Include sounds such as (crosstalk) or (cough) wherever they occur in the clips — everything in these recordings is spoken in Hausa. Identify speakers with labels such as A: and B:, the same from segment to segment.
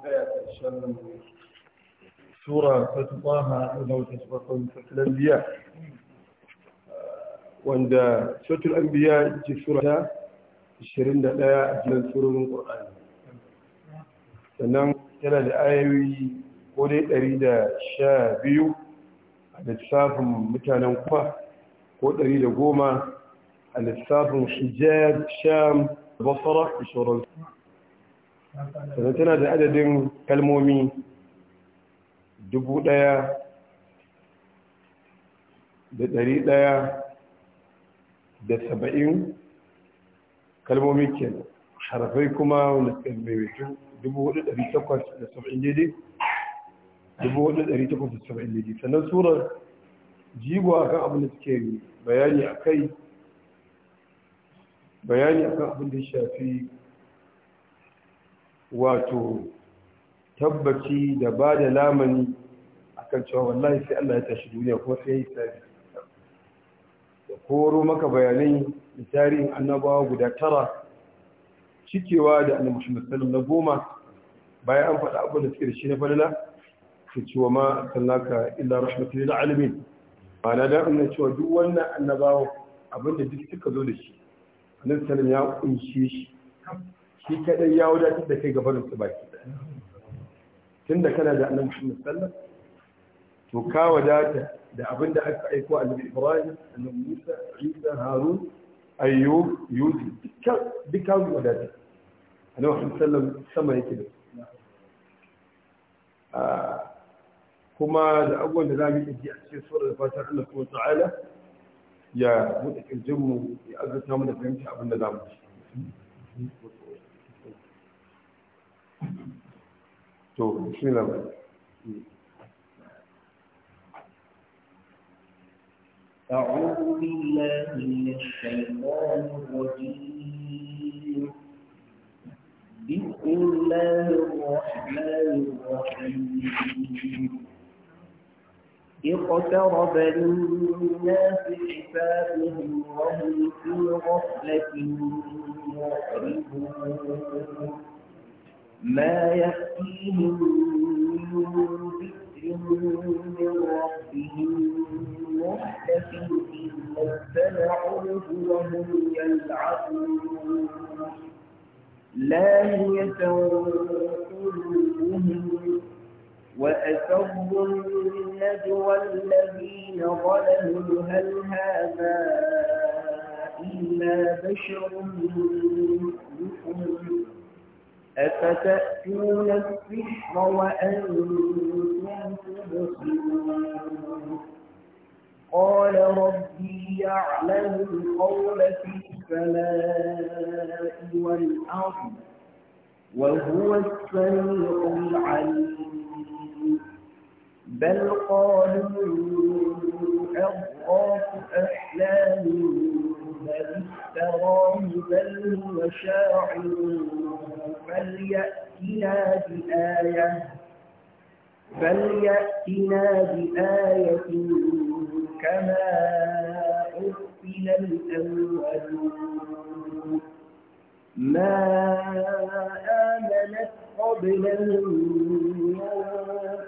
A: tsaya ƙarshen wanda sautul an biya ce sura ta 21 a jiran surorin ƙwararri sannan yana da ayoyi ko dai 112 a lissafin mutanen kuma ko goma a lissafin shijar sham basara
B: sannan tana da
A: adadin kalmomi dubu ɗaya da dari ɗaya da saba'in kalmomi kenan harafai kuma wanda suka maimaitu dubu hudu dari takwas da saba'in daidai dubu hudu dari takwas da saba'in daidai sannan surar jigo a kan abin da suke bayani a kai bayani a kan abin da shafi wato tabbaci da ba da lamani akan cewa wallahi sai Allah ya tashi duniya ko sai ya yi tsari da koro maka bayanai da tarihin annabawa guda tara cikewa da annabi Muhammad na goma bayan an faɗa abin da suke da shi na falala su cewa ma sallaka illa rahmatul lil alamin na da annabi cewa duk wannan annabawa abinda duk suka zo da shi annabi ya kunshe shi shi kadai ya wadatar da kai gabanin su baki tunda kana da annabi Muhammad sallallahu to ka wadata da abin da aka aiko annabi Ibrahim annabi Musa Isa Harun Ayyub Yusuf duka dukkan wadata A annabi Muhammad sallallahu sama yake da ah, kuma da abubuwan da za mu yi a cikin tsoron da fatan Allah kuma ta'ala ya buɗe ƙirjinmu ya azurta mu da fahimta abin da za mu ci. to shi ne
B: أعوذ بالله من الشيطان الرجيم بسم الله الرحمن الرحيم اقترب للناس حسابهم وهم في غفلة معرضون ما يأتيهم من ذكر من ربهم محدث إلا اتبعوه وهم يلعبون لاهية قلوبهم وأسروا النجوى الذين ظلموا هل هذا إلا بشر مثلكم أفتأتون السحر وأنتم تبصرون قال ربي يعلم القول في السماء والأرض وهو السميع العليم بل قالوا أضغاث أحلام من تراه بل هو شاعر فليأتنا بآية فليأتنا بآية كما أرسل الأولون ما آمنت قبلهم من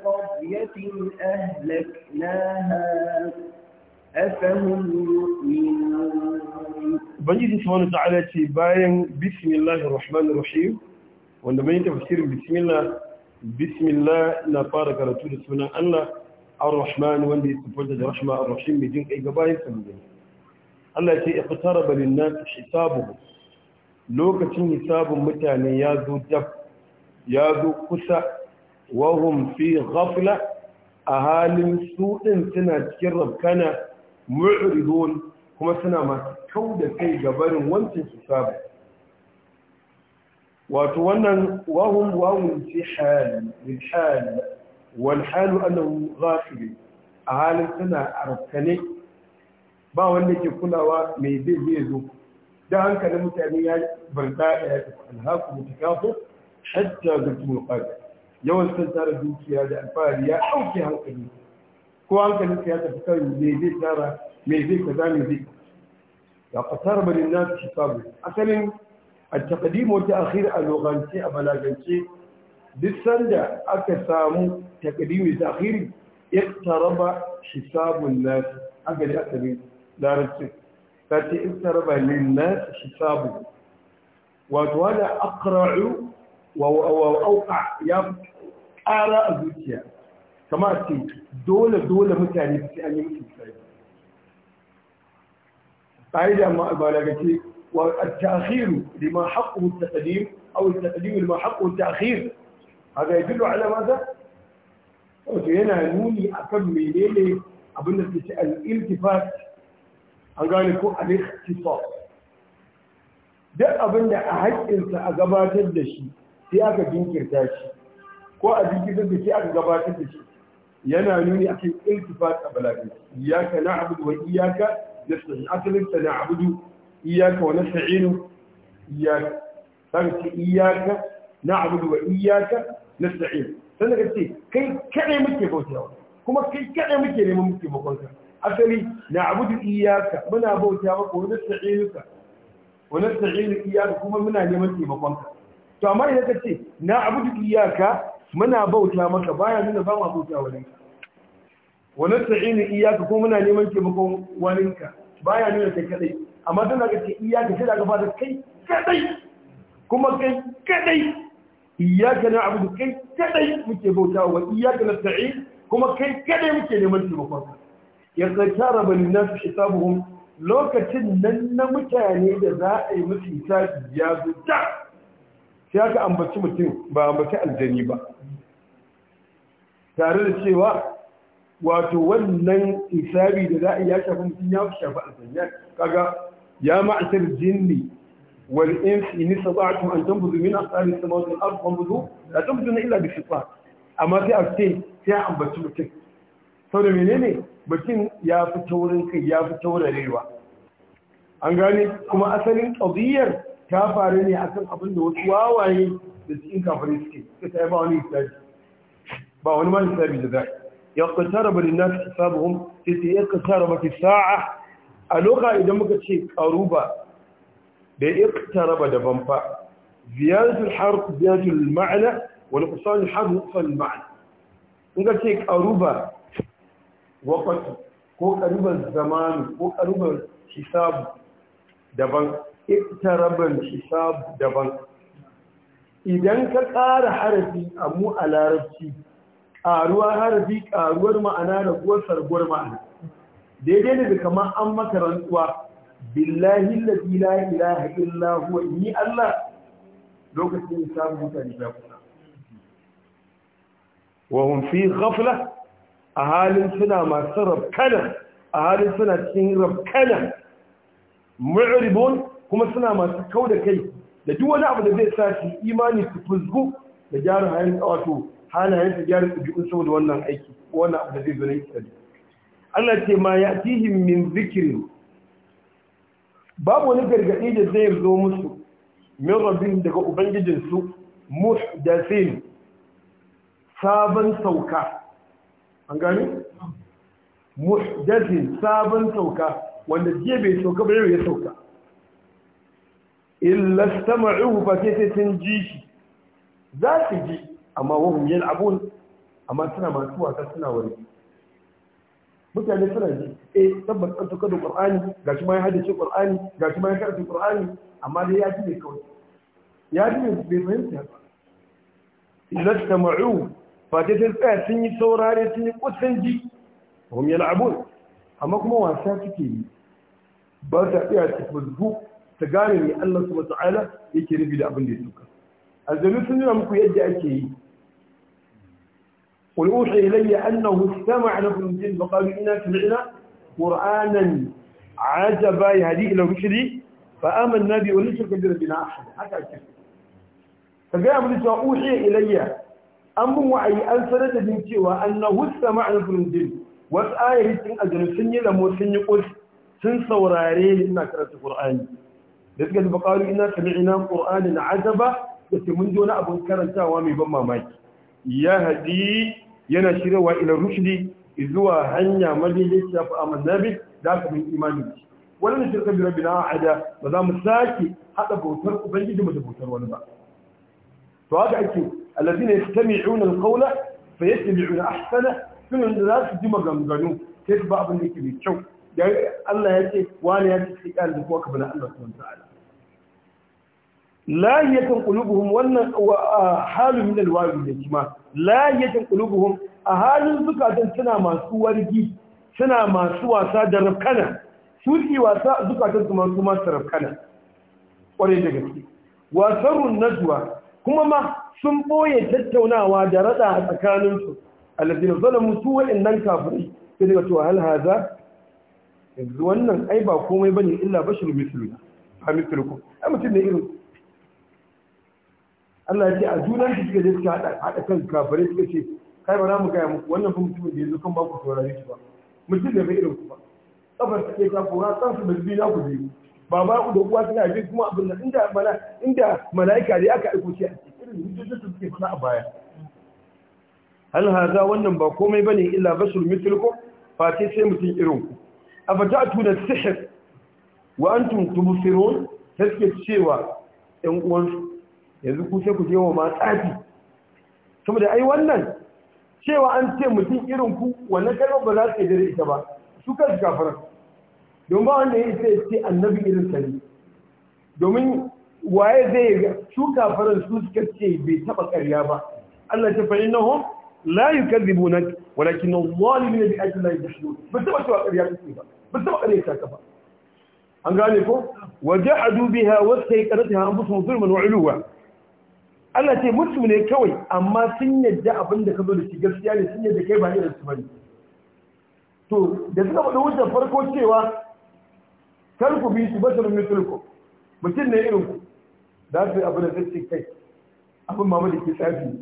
B: قرية أهلكناها
A: Ubangiji Subhanahu ta'ala ce bayan bismillahir rahmanir rahim wanda mai tafsirin bismillah bismillah na fara karatu da sunan Allah ar-rahman wanda ya tsofanta da rahma ar-rahim mai jin kai ga bayan sanin Allah ce iqtaraba balin nas hisabuhum lokacin hisabun mutane ya zo dab ya zo kusa wa hum fi ghafla a halin su din suna cikin rabkana mu'ridun kuma suna masu kau da kai ga barin wancan saba. wato wannan wahum wahum fi hali min hali wal halu annahu ghafil a halin suna arkane ba wanda ke kulawa mai zai zai zo da hankalin mutane ya barda ya tafi alhaku mutakafu hatta zurtumul qadr yawan san tara dukiya da alfahari ya auke hankali ko hankalin sa ya tafi kan me zai tsara me zai kaza me zai ya fasar balin nasu shi sabu asalin a takadimu ta akhir a logance a balagance duk sanda aka samu takadimu ta akhiri iktaraba hisabun nasu aka ji asalin larabcin ta ce iktaraba lin nasu hisabu wato wanda akra'u wa auka ya ƙara a zuciya kamar ce dole dole mutane su an yi musu misali ƙa'ida malagace wa at lima at-taqdim aw at-taqdim lima at-ta'khir ala madha yana nuni akan menene abin da suke al-iltifat an gane ko al-ikhtisas duk abin da a haƙƙinsa a gabatar da shi sai aka jinkirta shi ko a jinkirta da shi aka gabatar da shi yana nuni akan iltifat a balaga iyyaka na'budu wa na nasta'in asalin ta abudu iyaka wa nasta'inu iyyaka sarki iyyaka na'budu wa na nasta'in sannan ka ce kai kaɗai muke bautawa kuma kai kaɗai muke neman muke bakonka asali na abudu iyaka muna bautawa ko nasta'inuka wa nasta'inu iyyaka kuma muna neman taimakonka to amma idan ka ce na'budu iyaka. muna bauta maka baya nuna ba ma bauta walinka Wani nasta'inu iyaka ko muna neman taimakon walinka baya nuna kai kadai amma tana ga ce iyyaka sai daga fata kai kadai kuma kai kadai na na'budu kai kadai muke bauta wa na nasta'in kuma kai kadai muke neman taimakon ka ya tsara bani nas hisabuhum lokacin nan na mutane da za a yi musu ta ya zo ta sai aka ambaci mutum ba ambaci aljani ba tare da cewa wato wannan isabi da za a ya shafi mutum ya shafi aljani kaga ya ma'asar jinni wal insi in sata'tum an tanfuzu min aqtaris samawati wal A fanfuzu la na illa bi shiqaq amma sai a ce sai a ambaci mutum sau da menene mutum ya fi taurin kai ya fi taurarewa an gane kuma asalin ƙabiyar ta faru ne akan abin da wasu wawaye da cikin kafirai suke suka ta yi ba wani hisabi ba wani mani hisabi da zai ya kasara bari na su hisabu hun sai sai ya kasara maki sa'a a loka idan muka ce karuba da ya kasara ba daban fa ziyaratul harf ziyaratul ma'ana wani kusurin harf kusurin ma'ana in ka ce karuba wakatu ko karuban zamanu ko karuban hisabu daban iktarabal hisab daban idan ka ƙara harafi a mu a larabci ƙaruwa harafi ƙaruwar ma'ana da kuwa sarguwar ma'ana daidai daga kamar an maka rantsuwa billahi lafi la ilaha illa huwa ni Allah lokacin samun mutane da kuna wa hum fi ghafla a halin suna masu rabkana a halin suna cikin rabkana mu'ribun kuma suna masu kau da kai da duk wani abu da zai sa shi imani su fuzgu da gyara hayan wato halayen su gyara su saboda wannan aiki wannan abu da zai zo na isali Allah ce ma ya tihim min zikirin babu wani gargaɗi da zai zo musu min rabin daga ubangijinsu muhdathin sabon sauka an gani? muhdathin sabon sauka wanda jiya bai sauka bai ya sauka illa istama'uhu fa sai sun ji shi za su ji amma wahum abun. amma suna masu wasa suna warki mutane suna ji eh tabbas an tuka da qur'ani shi ma ya hadisi qur'ani shi ma ya karanta qur'ani amma dai ya ji ne kawai ya ji ne bai fahimta ba illa istama'u fa sai sun tsaya sun yi saurare sun yi kusan ji wahum abun. amma kuma wasa suke yi ba ta iya su fuzbu ta gane ne Allah subhanahu Wata'ala yake nufi da abin da ya tuka aljanu sun nuna muku yadda ake yi qul uhi ilayya annahu istama'a lakum jinn fa qalu inna sami'na qur'anan ajaba yahdi ila rushdi fa amanna bi wa nushrika bi rabbina ahad haka ake ka ga mun cewa uhi ilayya an mun wa'ayi an sanar da din cewa annahu istama'a lakum jinn wasu ayayin aljanu sun yi lamo sun yi qul sun saurare ni ina karanta qur'ani da suka zuba ƙaru ina sami'ina ƙur'anin azaba da ce mun ji abin karantawa mai ban mamaki ya haɗi yana shiryawa ila rushdi zuwa hanya madaidaici ya fi amanna bi da aka bin imanin shi wani da shirka bi rabbi na ahada ba za mu sake haɗa bautar ubangiji mu da bautar wani ba to haka ake allazina yastami'una alqawla fayattabi'una ahsana sunan da za su ji maganganu sai ba abin da yake mai kyau da Allah ya ce wani ya ce shi ƙalibin kuwa kabila Allah su wanta ala lahiyatan qulubuhum wannan halun min alwawi da kima lahiyatan qulubuhum a halin zukatan suna masu wargi suna masu wasa da rafkana su ci wasa zukatan su masu masu rafkana kwarai da gaske wasarun najwa kuma ma sun ɓoye tattaunawa da raɗa a tsakaninsu alladhina zalamu su wa'annan kafirai sai daga cewa hal haza yanzu wannan ai ba komai bane illa bashir misluna fa mislukum ai mutum ne irin Allah ya ce a junan da suka je suka hada kan kafare suka ce kai ba za mu gaya muku wannan fa mutumin da yanzu kan ba ku saurare shi ba mutum da bai irin ku ba kafar ta ce ta kora san su da biyu na ku biyu ba ba ku da uwa suna bi kuma abin da inda mala inda mala'ika da aka aiko shi a cikin hujjojin da suke fada a baya hal haza wannan ba komai bane illa basul mithlukum fa sai mutum irin ku afata'tu da sihir wa antum tumsirun sai cewa ɗan uwansu yanzu ku sai ku je wa ma tsafi saboda ai wannan cewa an ce mutum irin ku wannan kalmar ba za su yi ita ba su kansu kafara don ba wanda ya isa ya ce annabi irin sani domin waye zai yi su kafaran su suka ce bai taba karya ba Allah ta fahimta la wadakin walakin adh-dhalimina bi ajli la shi ba ta cewa ya take ba ba ta ƙarya ta kafa. an gane ko wajahadu biha wastayqanatha anfusuhum zulman wa 'uluwa Allah ce mutu ne kawai amma sun yadda abin da ka zo da shi gaskiya ne sun yadda kai ba irin su bane to da suka faɗi wutar farko cewa kar ku bi su basu basar mutulku mutum ne irin ku da su abin da zai kai abin mamaki ke tsafi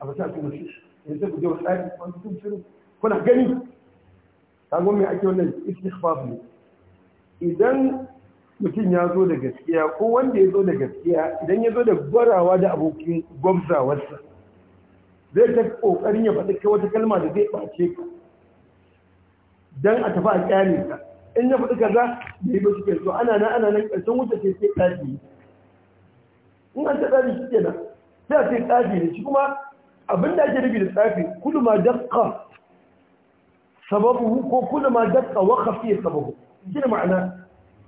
A: a basa su mutu yanzu ku je wa tsari wani kun shiru kuna gani kagon mai ake wannan istighfar ne idan mutum ya zo da gaskiya ko wanda ya zo da gaskiya idan ya zo da gwarawa da abokin gwamzawarsa zai ta kokarin ya faɗi wata kalma da zai ɓace ka don a tafi a kyale ka in ya faɗi kaza da yi ba shi kai ana nan ana nan ƙarshen wuce sai sai ɗaji in an ta da shi kenan sai a sai ɗaji ne shi kuma abinda ake nufi da tsafi kudu ma daqqa sababu ko kullu ma daqqa wa khafiya sababu gina ma'ana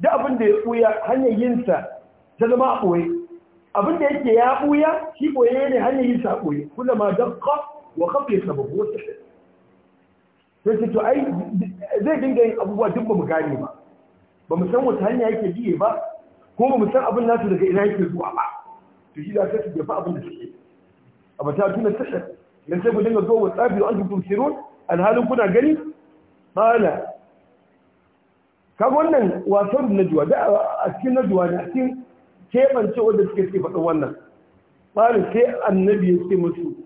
A: da abinda ya buya hanyar yin sa ta zama a boye abinda yake ya ɓuya shi boye ne hanyar yin sa a boye kullu ma daqqa wa khafiya sababu wata sai ce to ai zai dinga yin abubuwa duk ba mu gane ba ba mu san wata hanya yake biye ba ko ba mu san abin nasu daga ina yake zuwa ba to shi za ta su jefa abin da suke a ta tuna sihir sai ku dinga zo wa tsafi wa antum tusirun alhalin kuna gani mala kan wannan wasan najwa da a cikin najwa ne a cikin kebance wanda suke suke faɗin wannan mala sai annabi ya ce musu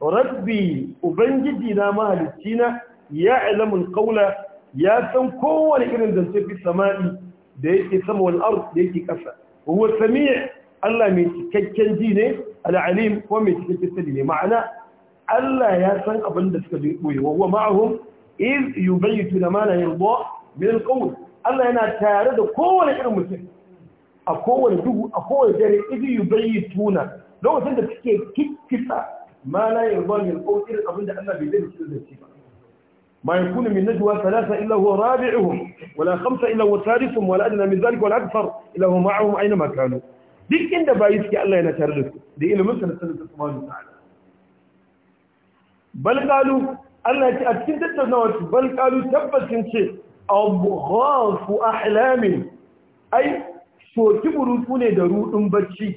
A: rabbi ubangiji na mahalicci na ya ilamun kaula ya san kowane irin zance fi sama'i da yake sama wani ard da yake ƙasa huwa sami' Allah mai cikakken ji ne al'alim ko mai cikin tattali ne ma'ana Allah ya san abin da suka ɓoye wa ma'ahum iz yubayyitu na mana yarda min alqawl Allah yana tare da kowane irin mutum a kowane dubu a kowane dare iz yubayyituna lokacin da suke kikkita ma la yarda min alqawl irin abin da Allah bai zai da shi ba ما يكون من نجوى ثلاثة إلا هو رابعهم ولا خمسة إلا هو ثالثهم ولا أدنى من ذلك ولا أكثر إلا هو معهم أينما كانوا duk inda bayi suke Allah yana tare da su da ilimin sa da sanin subhanahu ta'ala bal qalu Allah ya ce a cikin tattaunawa su bal qalu tabbacin ce abghafu ahlamin ai soki burutu ne da rudin bacci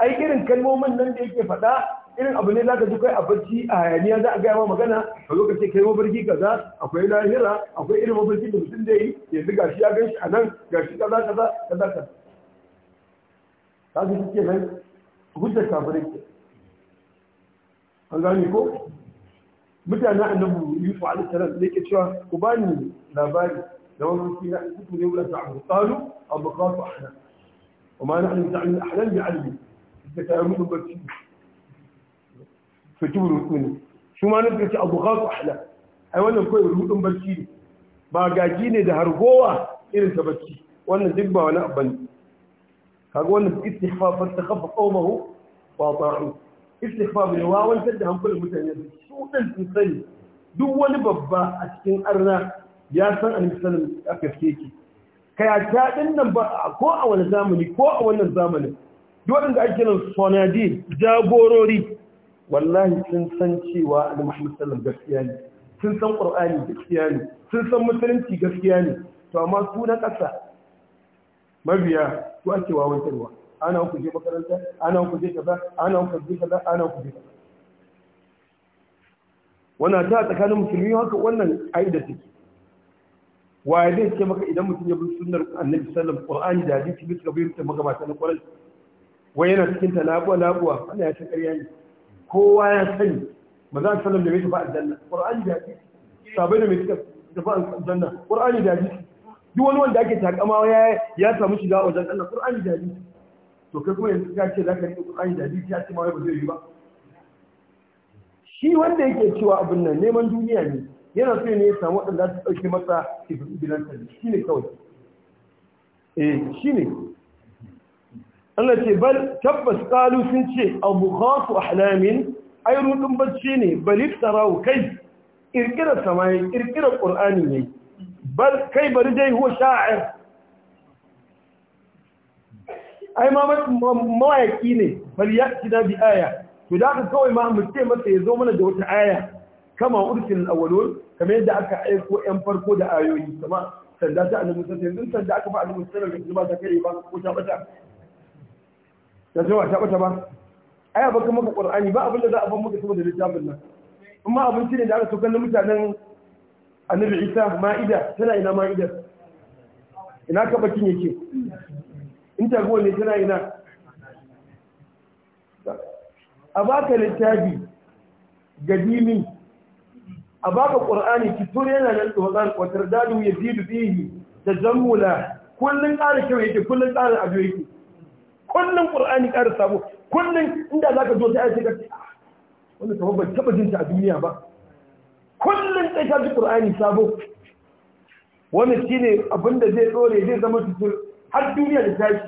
A: ai irin kalmomin nan da yake faɗa irin abu ne zaka ji kai a bacci a hayaniya za a gaya ma magana a lokacin kai mafarki kaza akwai lahira akwai irin mafarki da mutum da yi yanzu gashi ya gan shi a nan gashi kaza kaza kaza kaza kaga shi ke nan hujjar kafirai ke an gane ko mutane annabi yusuf alaihi salam ne ke cewa ku bani labari da wani shi na kuku ne wala ta'abu qalu abu qasu ahna وما نحن نتعلم الأحلام بعلمي إذا كان يموت بكتب فتبر وكوني شو ما نبكت أبو غاط أحلام ai wannan kawai rudin barci ne ba gaji ne da hargowa irin ta barci wannan duk ba wani abban kaga wannan istighfar fa takhaffa qawmuhu wa ta'u istighfar ne wawantar da hankulan mutane su dan sun sani duk wani babba a cikin arna ya san annabi sallallahu alaihi wasallam aka fike kayata din nan ba ko a wani zamani ko a wannan zamanin duk da ake nan sonadi jagorori wallahi sun san cewa annabi Muhammad sallallahu gaskiya ne sun san Qur'ani gaskiya ne sun san musulunci gaskiya ne to amma su na kasa mabiya su ake wawantarwa ana ku je makaranta ana ku je kaza ana ku je kaza ana ku je kaza wannan ta tsakanin musulmi haka wannan aida take waye zai ce maka idan mutum ya bi sunnar annabi sallallahu alaihi wasallam qur'ani da hadisi bisa bai mutum magabata na qur'ani wai yana cikin ta labuwa labuwa ana ya shakar yayi ne kowa ya sani maza sallam da bai tafi aljanna qur'ani da hadisi sabai da mai tafi aljanna qur'ani da hadisi duk wani wanda ake takama ya ya samu shiga wajen Allah Qur'ani da hadisi to kai kuma yanzu kace ce zaka yi Qur'ani da hadisi ya ce ma ba zai yi ba shi wanda yake cewa abin nan neman duniya ne yana so ne ya samu wadanda za su dauke masa tibirin bilanta shi ne kawai eh shi ne Allah ce bal tabbas qalu sun ce abu khasu ahlamin ai rudin bacci ne bal iftarahu kai kirkirar samayi kirkirar qur'ani ne Bar kai bari dai huwa sha'ir ai ma mawayaki ne bal ya'ti na bi aya to da aka kawai ma mu ce masa ya zo mana da wata aya kama ursil awwalun Kama yadda aka aiko yan farko da ayoyi kama sanda ta annabi sallallahu alaihi wasallam sanda aka fa annabi sallallahu alaihi wasallam ta kare ba ko ta bata ta zo ta bata ba aya baka maka qur'ani ba abin da za a ban maka saboda littafin nan amma abinci ne da aka so kallon mutanen annabi isa ma'ida tana ina ma'idar ina ka bakin yake in taguwa ne tana ina a baka littafi gadimi a baka ƙur'ani fitur yana nan tsohon kwatar dalu ya zidu bihi da zammula kullum ƙara kyau yake kullum ƙara abu yake kullum ƙur'ani ƙara sabo kullum inda za ka zo ah, ta aiki ka ce wanda sababban taɓa jinta a duniya ba kullum sai ka ji qur'ani sabo wannan shine abinda zai dore zai zama tutur har duniya da tashi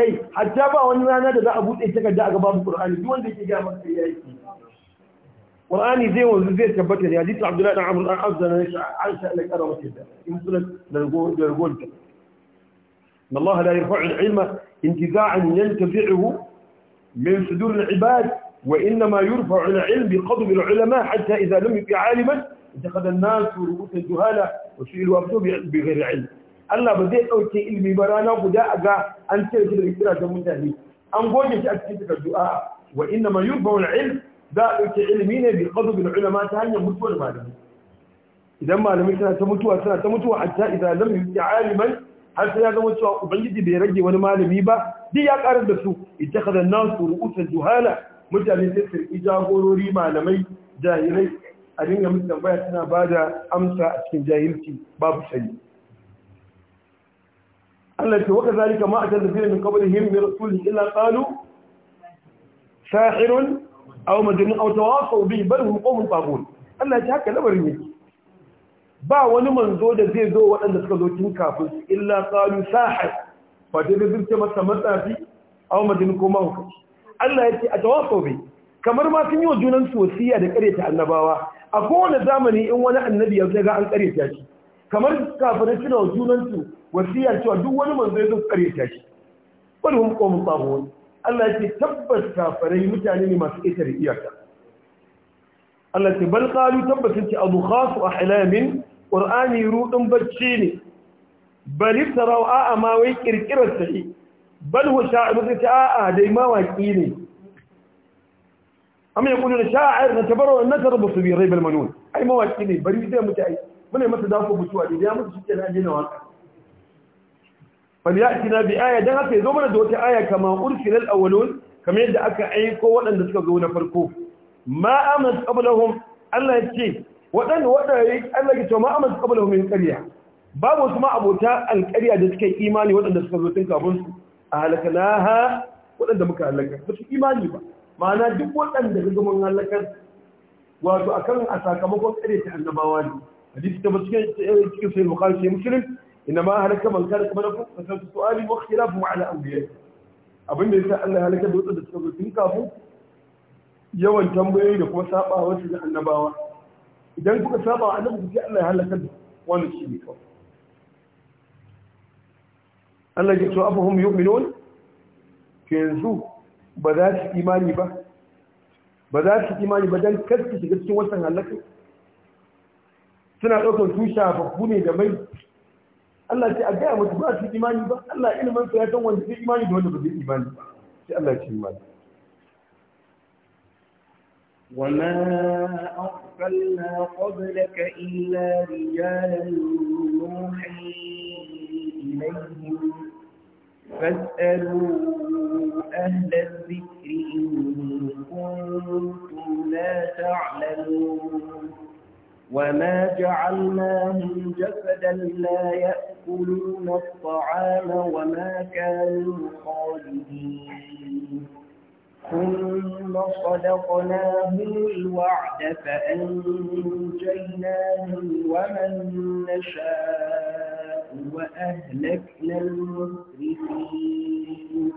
A: kai hatta ba wani rana da za a bude takarda a gaban qur'ani duk wanda yake ga maka yayi qur'ani zai wanzu zai tabbata ne hadisi abdullahi dan amr dan azza na aisha Allah kara mata da in sunan da ragowar da Allah la yarfa'u al-ilma intiza'an yantafi'uhu min sudur al-ibad وإنما يرفع العلم بقضب العلماء حتى إذا لم يبقى عالما اتخذ الناس رؤوس الجهالة وسئلوا أبدوا بغير علم Allah ba zai ɗauke ilimi ba rana guda a ga an cire shi daga kira mutane an goge shi a cikin takardu a wa inna ma yurfa wal ilm za a ɗauke ilimi ne bi qadu bil ulama ta hanyar mutuwar malamai idan malamai suna ta mutuwa suna ta mutuwa hatta idan lam yuti aliman har sai ya zama cewa ubangiji bai rage wani malami ba duk ya karar da su ittakhadha an-nas ru'usan juhala mutane sai su jagorori malamai jahilai a dinga musu tambaya suna ba da amsa a cikin jahilci babu shari Allah ce waka zalika ma a can da min qablihim min rasulin illa qalu sahirun aw majnun aw tawasaw bihi bal hum qawmun tabun Allah ya haka labarin yake ba wani manzo da zai zo waɗanda suka zo tun kafin illa qalu sahir fa dai zai ce masa matsafi aw majnun ko mahaukaci Allah ya ce a tawasau bai kamar ma sun yi wa junan wasiya da ta annabawa a kowane zamani in wani annabi ya ga an karyata shi kamar kafin suna wa junan su wasiya cewa duk wani manzo ya zo ta shi bal mun qawmun wani. Allah ya ce tabbas kafirai mutane ne masu ita da iyaka Allah ce bal qalu tabbasin ce abu wa ahlamin qur'ani rudun bacci ne bari sarau a ma wai kirkirar sai bal hu sha'ir suka a'a dai mawaki ne amma ya kudu da sha'ir na tabarau na tarbu su bi raibal manun ai mawaki ne bari zai mutu ai mune masa dafa mutuwa da ya mutu shi na ajina waka fal ya'tina bi aya dan haka yazo mana da wata aya kama ursilal awwalun kamar yadda aka aiko waɗanda suka zo na farko ma amanat qablahum Allah ya ce waɗanda waɗanda Allah ya ce ma amanat qablahum min qarya babu su ma abota alƙarya da suka imani waɗanda suka zo tun kafin su ahlaknaha waɗanda muka halaka ba su imani ba ma'ana duk waɗanda ga gaman halakar wato akan a sakamakon tsare ta annabawa ne hadisi ta cikin cikin sai bukhari sai muslim inna ma halaka man kana kuma na fasa su'ali wa ikhtilafu ala anbiya abinda yasa Allah halaka da waɗanda suka zo tun kafin yawan tambayoyi da kuma sabawa wasu annabawa idan kuka saba annabi sai Allah ya halaka wannan shi ne kawai Allah ya ce abu hum yu'minun yanzu ba za su imani ba ba za su imani ba dan kaske shiga cikin wannan halaka suna daukar su shafaffu ne da mai Allah ce a gaya mutu ba su imani ba Allah ilimin sa ya san wanda zai imani da wanda ba zai imani ba sai Allah ya ce imani وما
B: أرسلنا قبلك إلا رجالا نوحي إليهم فاسألوا أهل الذكر إن كنتم لا تعلمون وما جعلناهم جسدا لا يأكلون الطعام وما كانوا خالدين ثم صدقناهم الوعد فأنجيناهم ومن نشاء وأهلكنا المسرفين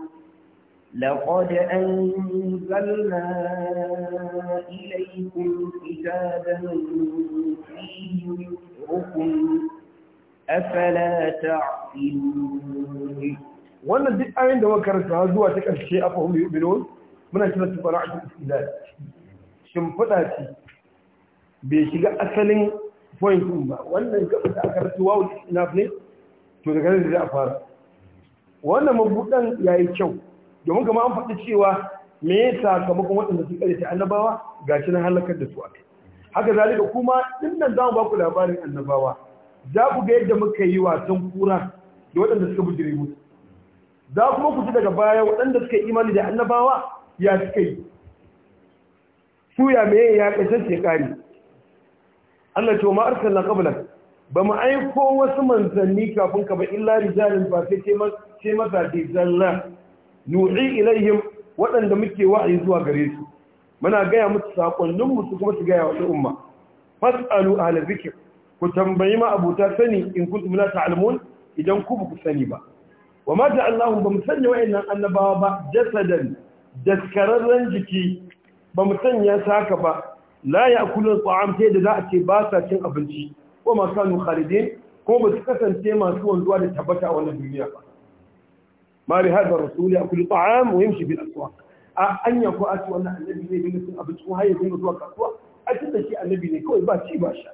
B: لقد أنزلنا إليكم كتابا فيه يسركم
A: أفلا تعقلون وانا الدعاء عندما كانت هذا هو تكن الشيء فهم يؤمنون من أجل تبرع الاستدلال شم فتاتي بيشيغا أسلين بوينت ba wannan gaba da aka rasu wawu to daga nan za fara wannan mabudan yayi kyau domin kuma an faɗi cewa me ya sakamakon waɗanda sun ƙarfi annabawa ga shi na halakar da su a kai haka zalika kuma nan za mu ba ku labarin annabawa za ku ga yadda muka yi wasan kura da waɗanda suka bujire mu za kuma ku ci daga baya waɗanda suka imani da annabawa ya suka yi su ya me ya ƙasar kare Allah ce wa ma'arsa na ba mu aiko wasu manzanni kafin ka ba illa rijalin ba sai ce masa dizalla nu'i ilayhim waɗanda muke wa'ayi zuwa gare su muna gaya musu sakonnin musu kuma su gaya wasu umma fas'alu ahla zikr ku tambayi ma abuta sani in kuntum la ta'lamun idan ku ba ku sani ba wa ma ja'alnahum bam sanya wa'annan annabawa ba jasadan daskararren jiki bam sanya saka ba la ya'kulun ta'am sai da za a ce ba sa cin abinci ko ma kanu khalidin ko ba su kasance masu wanzuwa da tabbata a wannan duniya ba ma bi hadar rasuli akul ta'am wa yamshi bil aswaq a anya ko a wannan annabi ne bin sun abinci ko har ya dinga zuwa kasuwa a tunda shi annabi ne kawai ba ci ba sha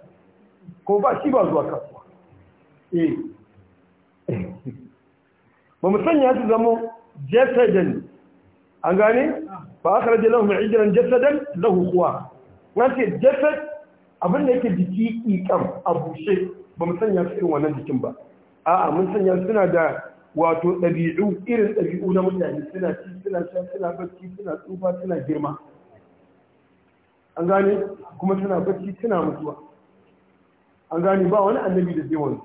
A: ko ba ci ba zuwa kasuwa eh (laughs) ba mu sanya su zama jasadan an gane ba akhraja lahum ijran jasadan lahu khuwa wace jasad abin da yake jiki ikan a bushe ba mu sanya su irin wannan jikin ba a'a mun sanya suna da wato ɗabi'u irin ɗabi'u na mutane suna ci suna sha suna bacci suna tsufa suna girma an gane kuma suna bacci suna mutuwa an gane ba wani annabi da zai wani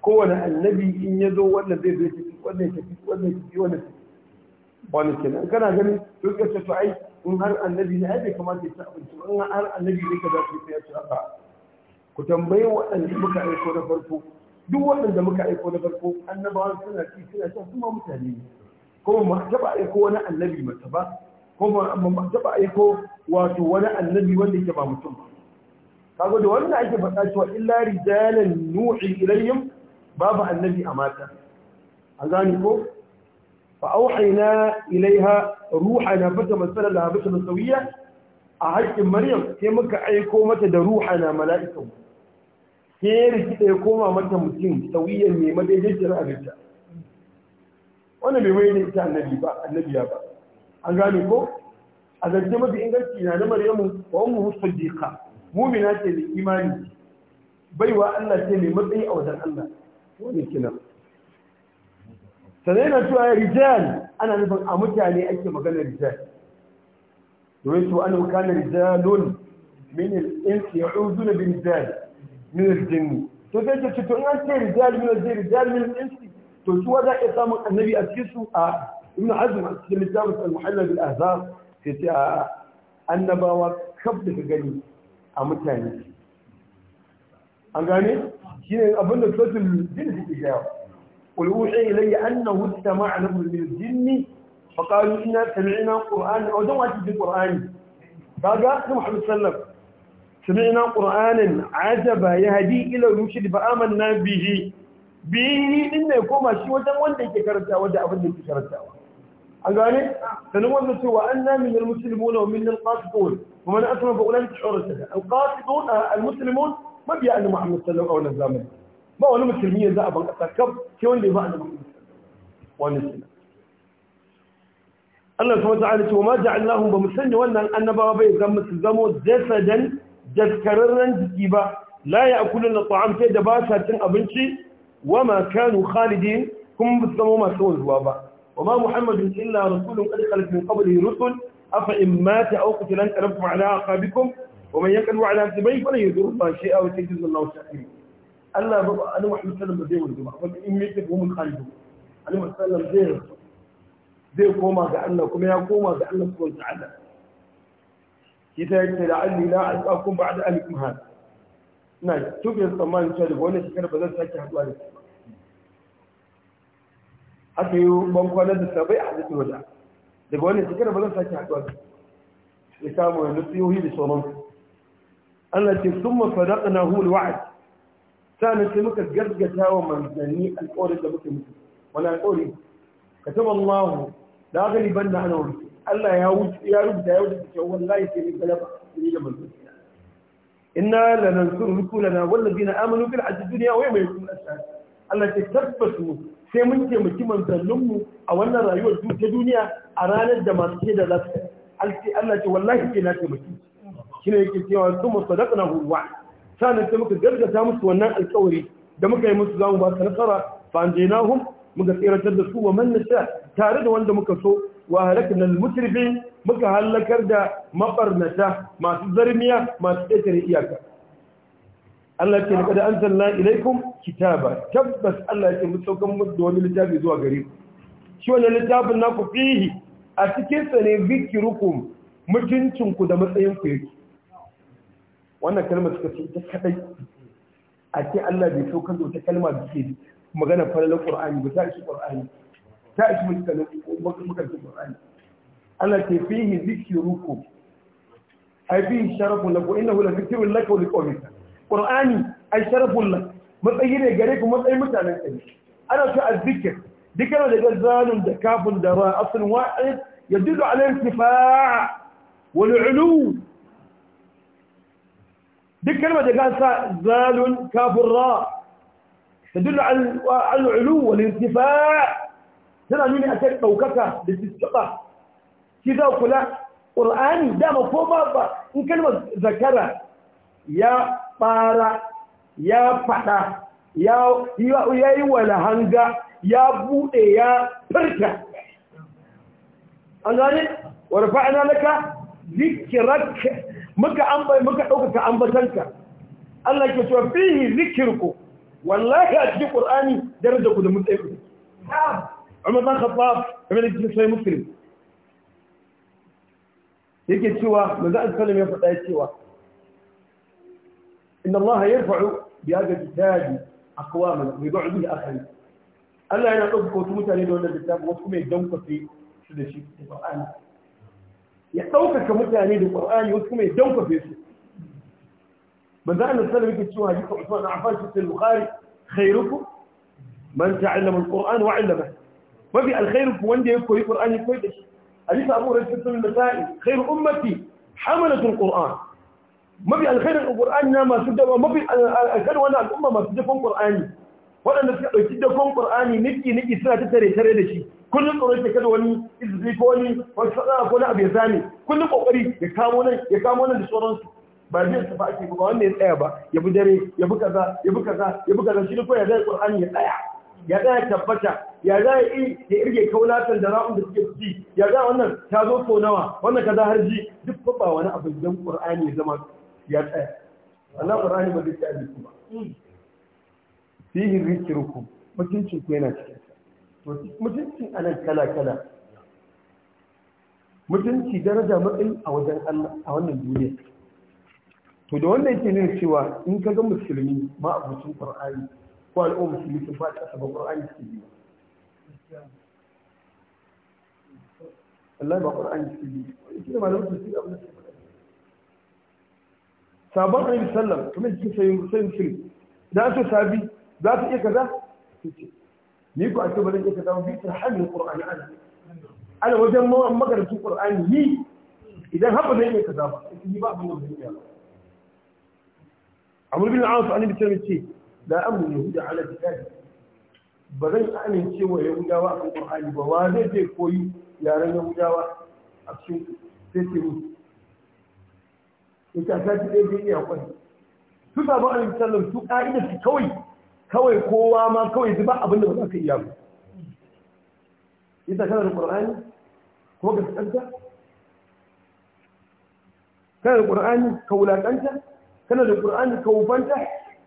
A: kowane annabi in ya zo wannan zai zai tafi wannan tafi wannan tafi wannan wani kenan kana ganin duk da ta ai in har annabi ne ai bai kamata ya ci abinci in har annabi ne ka za ku sai ya ci haka ku tambayi waɗanda muka aiko na farko duk waɗanda muka aiko na farko annabawa suna ci suna sha kuma mutane ne kuma ba taɓa aiko wani annabi mace ba kuma ba taɓa aiko wato wani annabi wanda yake ba mutum ba kago da wannan ake faɗa cewa illa rijalan nu'i ilayhim babu annabi a mata A gane ko فأوحينا إليها روحنا فتما سنة لها بشرة سوية أحكي مريم كمك أيكو متى روحنا ملائكة كيري أيكو ما متى مسلم سوية ميمة جيش رأيك wannan bai wani ita annabi ba annabiya ba an gane ko a zance mafi inganci na da maryamu wa ummu musaddiqa mu'mina ce ne imani baiwa Allah ce ne matsayi a wajen Allah wani sannan yana cewa rijal ana nufin a mutane ake magana rijal domin to ana kana rijalun min al-ins ya'uduna bi rijal min al-jinn to sai ce to an ce rijal min al rijal min al to su wa za a samu annabi a cikin su a ibn azm a cikin littafin al-muhalla bil ahzab sai ce annabawa kaf da gani a mutane an gane shine abinda suratul jinn take gaya ويوحي إلي أنه استمع له من الجن فقالوا إنا سمعنا قرآن أو دون أتي القرآن فقال محمد صلى الله عليه وسلم سمعنا قرآنا عجبا يهدي إلى المشرك فآمنا به به إن يكون شيء وجن وانت كرتا وجا أبدا كرتا an gane sanin wanda cewa an من المسلمون al القاسطون ومن أسلم al-qasitun kuma na asma fa ulanta hurrata al-qasitun al-muslimun mabiya annabi ba wani musulmi za a ban kasa kaf sai wanda ya ba annabi wani suna Allah subhanahu wata'ala ce wa ma ja'alnahum ba musanya wannan annabawa bai zan musu zamo jasadan jaskararren jiki ba la ya'kuluna ta'am sai da ba sa cin abinci wa ma kanu khalidin kuma ba su zamo masu wanzuwa ba wa ma muhammadun illa rasulun qad khalat kabar qablihi rusul afa in mata a aw qutilan qarabtum ala aqabikum wa man fara ala tibai fa la yudurru shay'a wa tajizallahu shakirin Allah ba annabi Muhammad sallallahu alaihi wasallam ba zai wanda ba in yake ko mun khalidu annabi sallallahu alaihi wasallam zai koma ga Allah kuma ya koma ga Allah subhanahu wa ta'ala kita yake da alli la asqakum ba'da alikum hada na tuke tsammanin cewa daga wannan shekara ba zan sake haduwa da ku aka yi ban kwanar da sabai a hadisin wada daga wannan shekara ba zan sake haduwa da ku ya samu ya nutsiyoyi da sauransu Allah ce sun mafi daɗa na hulwa'ad sa'annan sai muka gargata wa manzanni alƙawarin da muka mutu wani alƙawari ka taɓa Allahu da aka liban da ana wuri Allah ya wuce ya rubuta ya wuce cewa wallahi sai mun galaba ni da manzanni inna lanansuru rusulana wallazina amanu bil ajri duniya wa yawma yaqumul ashhad Allah ce tabbatu sai mun taimaki manzanninmu a wannan rayuwar ta duniya a ranar da masu ke da lafiya Allah ce wallahi ke na taimaki shi ne yake cewa sun mu sadaqna huwa sanan da muka gargata musu wannan alƙawari da muka yi musu zamu ba su nasara fa anjaynahum muka tsiratar da su wa man nasha tare da wanda muka so wa halakna al-mutrifin muka halakar da mabarnata masu zarmiya masu ƙetare iyaka Allah ce laqad anzalna ilaykum kitaba tabbas Allah ya ce mu saukan musu da wani littafi zuwa gare ku shi wannan littafin naku fihi a cikin sa ne zikrukum ku da matsayin ku yake wannan kalmar suka ce ita kadai a ce Allah bai so kan ta kalma da ke magana fara falalar Qur'ani ba ta ishi Qur'ani ta ishi mutane makarantar Qur'ani Allah ce fihi zikruku ai fihi sharafu lakum innahu la zikrun lak wa liqawmika Qur'ani ai sharafun lak matsayi ne gare ku matsayin mutanen kai ana ta azzikir dukkan da gazalun da kafin da ra aslun wa'id yadullu ala intifa' wal 'ulu duk الكلمة دي ka زال zalun kafin تدل على العلو والارتفاع ترى مين أتاك توككة لتستطع كذا وكلا قرآن دام فوق بابا إن كلمة ذكرة يا طارة يا فتا يا يا يا ولا هنجا يا يا يا يا أنا ورفعنا لك ذكرك muka ambai muka ɗaukaka ambatanka Allah ke cewa fihi zikirku wallahi a cikin Qur'ani daraja ku da mutsayi ku Umar bin Khattab kamar da cikin sai Muslim yake cewa manzo Allah ya faɗa cewa inna Allah yarfa'u bi hadha kitabi aqwaman wa yad'u bi akhari Allah yana ɗaukaka wasu mutane da wannan littafin wasu kuma ya dankafe su da shi ƙur'ani. ya ɗaukaka mutane da ƙwar'ani wasu kuma ya dankwafe su ba za a nasarar yake cewa hajjika usman na afar shi sai bukari khairuku man ta'allama alquran wa 'allama mafi alkhairuku wanda ya koyi qur'ani koyi da shi hadisi abu hurairah sun nasa'i khairu ummati hamalatu alquran mafi alkhairu alquran na masu dawa mafi alkhairu wannan al'umma masu dafan qur'ani waɗanda suka ɗauki dakon ƙur'ani niki niki suna ta tare tare da shi kullum tsoron ke kada wani izini ko wani wasu tsara ko na abu ya zame kullum ƙoƙari ya kamo nan ya kamo nan da sauransu ba zai su ba ake ba wanda ya tsaya ba ya bi dare ya bi kaza ya bi kaza ya bi kaza shi ne ko ya zai ƙur'ani ya tsaya ya tsaya tabbata ya za ya yi ya irge kaulatan da ra'un da suke ci ya za wannan ta zo ko nawa wannan ka za har ji duk ba wani abu don ƙur'ani ya zama ya tsaya wannan ƙur'ani ba zai ci ba fihi zikrukum mutuncin ku yana cikin to mutuncin anan kala kala mutunci daraja matsayi a wajen Allah a wannan duniya to da wannan yake nuna cewa in ka ga musulmi ma abucin qur'ani ko al'umma musulmi sun faɗi a qur'ani su yi Allah ba qur'ani su yi shi ne malamin su yi abin da suke sabon alayhi sallam kuma cikin sayin sayin fil da su sabi za ta iya kaza ni ko ake bazan iya kaza bi ta hannun qur'ani ana ana wajen makarantun qur'ani ni idan haba zai iya kaza ba ni ba abin da zai iya ba amr bin al-aas annabi ta ce da amru yahuda ala kitabi ba zan amince wa yahudawa akan qur'ani ba wa zai je koyi yaren yahudawa a cikin sai ce mu ita ta ce dai dai ya kwani su sabon annabi sallallahu alaihi wasallam su ka'ida su kawai kawai kowa ma kawai ji ba abin da ba za ka iya ba ita kana da qur'ani ko ka tsanta kana da qur'ani ka wulakanta kana da ƙur'ani ka wufanta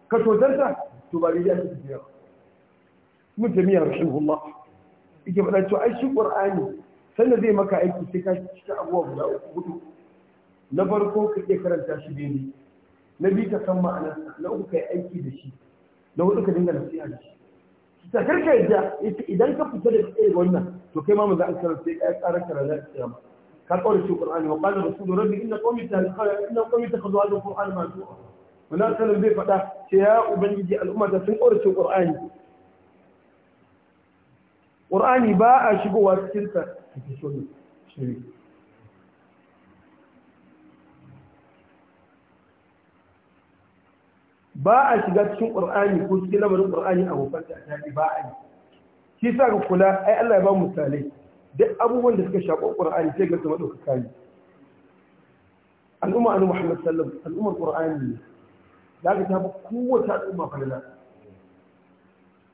A: ka tozarta to ba riya ta biya mun jami'a rahimahullah Ike faɗa cewa ai shi ƙur'ani, sannan zai maka aiki sai ka cika abubuwa guda hudu na farko ka iya karanta shi bene, na biyu ka san ma'anarsa na uku ka yi aiki da shi na hudu ka dinga nasiha da shi ta karka yadda idan ka fita da tsaye wannan to kai ma mu za a sanar sai ka tsara kara da kiyama ka kawo shi qur'ani wa qala rasulu rabbi inna qawmi ta'ala inna qawmi takhadhu hadha al-qur'an ma'du'a wannan sanar bai fada ce ya ubangiji al'umma ta sun kawo shi qur'ani qur'ani ba a shigowa cikin sa cikin shi ba a shiga cikin ƙur'ani ko cikin lamarin ƙur'ani a hukunta a tafi ba a yi shi sa ga kula ai Allah ya ba misalai duk abubuwan da suka shaƙo ƙur'ani sai ga su maɗaukaka ne al'umma annabi Muhammad sallallahu alaihi wasallam al'ummar ƙur'ani ne za ka tafi kowace al'umma falala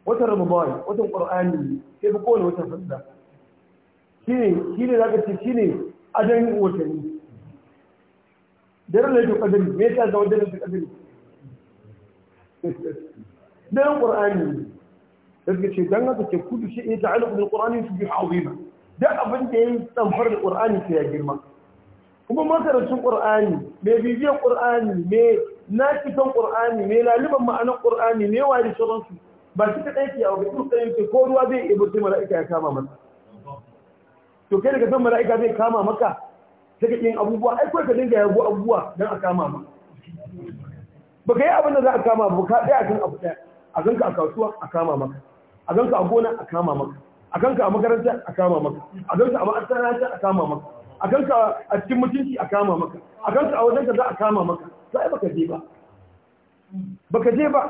A: watan Ramadan watan ne sai fi kowane watan ne shi ne za ka ce shi shine adan watanni daren da ya to kadari me yasa ga wadannan kadari (laughs) dan qur'ani sai ce dan kudu shi ya ta'alluq bil qur'ani su bi azima da abin da yayin tsamfar da qur'ani sai ya girma kuma makarantun qur'ani mai bibiyar qur'ani mai nakitan qur'ani mai laliban ma'anar qur'ani mai wani shirin ba shi kadai ke a wajen tsayin ko ruwa zai iya mutum mala'ika ya kama masa to kai daga san mala'ika zai kama maka sai ka yin abubuwa ai kai ka dinga yabo abubuwa dan a kama maka baka yi abin da za a kama ba ka a kan abu ɗaya a ganka a kasuwa a kama maka a ganka a gona a kama maka a ganka a makaranta a kama maka a ganka a makaranta a kama maka a ganka a cikin mutunci a kama maka a ganka a wajen ka za a kama maka sai baka je ba baka je ba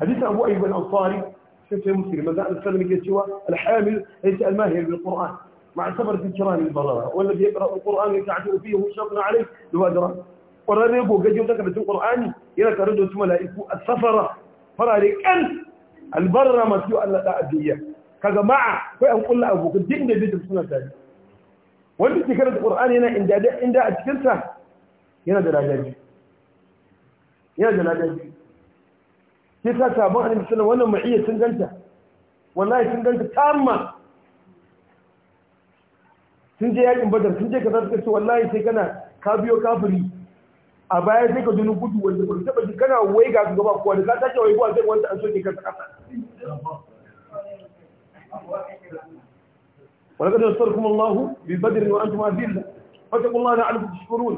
A: hadisin Abu Ayyub al-Ansari sai sai muslim manzo Allah sallallahu ke cewa al-hamil laysa al-mahir bil Qur'an مع سبرة الكرام البراء والذي يقرأ القرآن يتعجب فيه وشقنا عليه لواجرة ƙwararre gogage wajen karatun ƙwar'ani yana tare da wasu mala'iku a safara farare ƙan albarra masu yi allah ɗa'a ka gama a kai an ƙulla abokan duk da bai suna tare wanda ke karanta ƙwar'ani yana inda inda a cikinsa yana da ladabi yana da ladabi sai sa sabon annabi sallallahu wannan ma'iyyar sun ganta wallahi sun ganta tamma sun je yakin badar sun je ka suka ce wallahi sai kana ka biyo kafiri a baya sai ka zo gudu wanda taba kana wai ga gaba ko da ka wai wanda an soke ka kasa ولقد نصركم الله ببدر وانتم اذله فاتقوا الله لعلكم تشكرون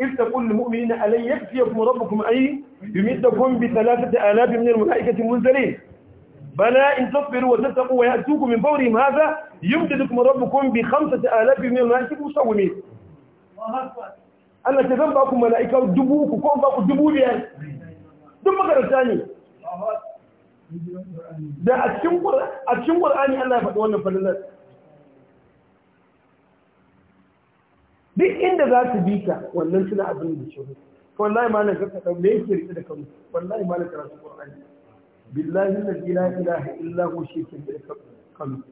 A: إذ تقول للمؤمنين ألن يكفيكم ربكم أي يمدكم بثلاثة آلاف من الملائكة المنزلين بلى إن تصبروا وتتقوا ويأتوكم من فورهم هذا يمددكم ربكم بخمسة آلاف من الملائكة مسومين Allah ce zan ba ku mala'ika dubu uku ko ba ku dubu biyar duk makaranta ne da a cikin ƙwar'ani Allah ya faɗi wannan falilar duk inda za su bi ka wannan suna abin da shi wallahi malam ka kaɗa me yake rike da kanku wallahi malam karatu ƙwar'ani billahi na ilaha illa hu shi ke da kanku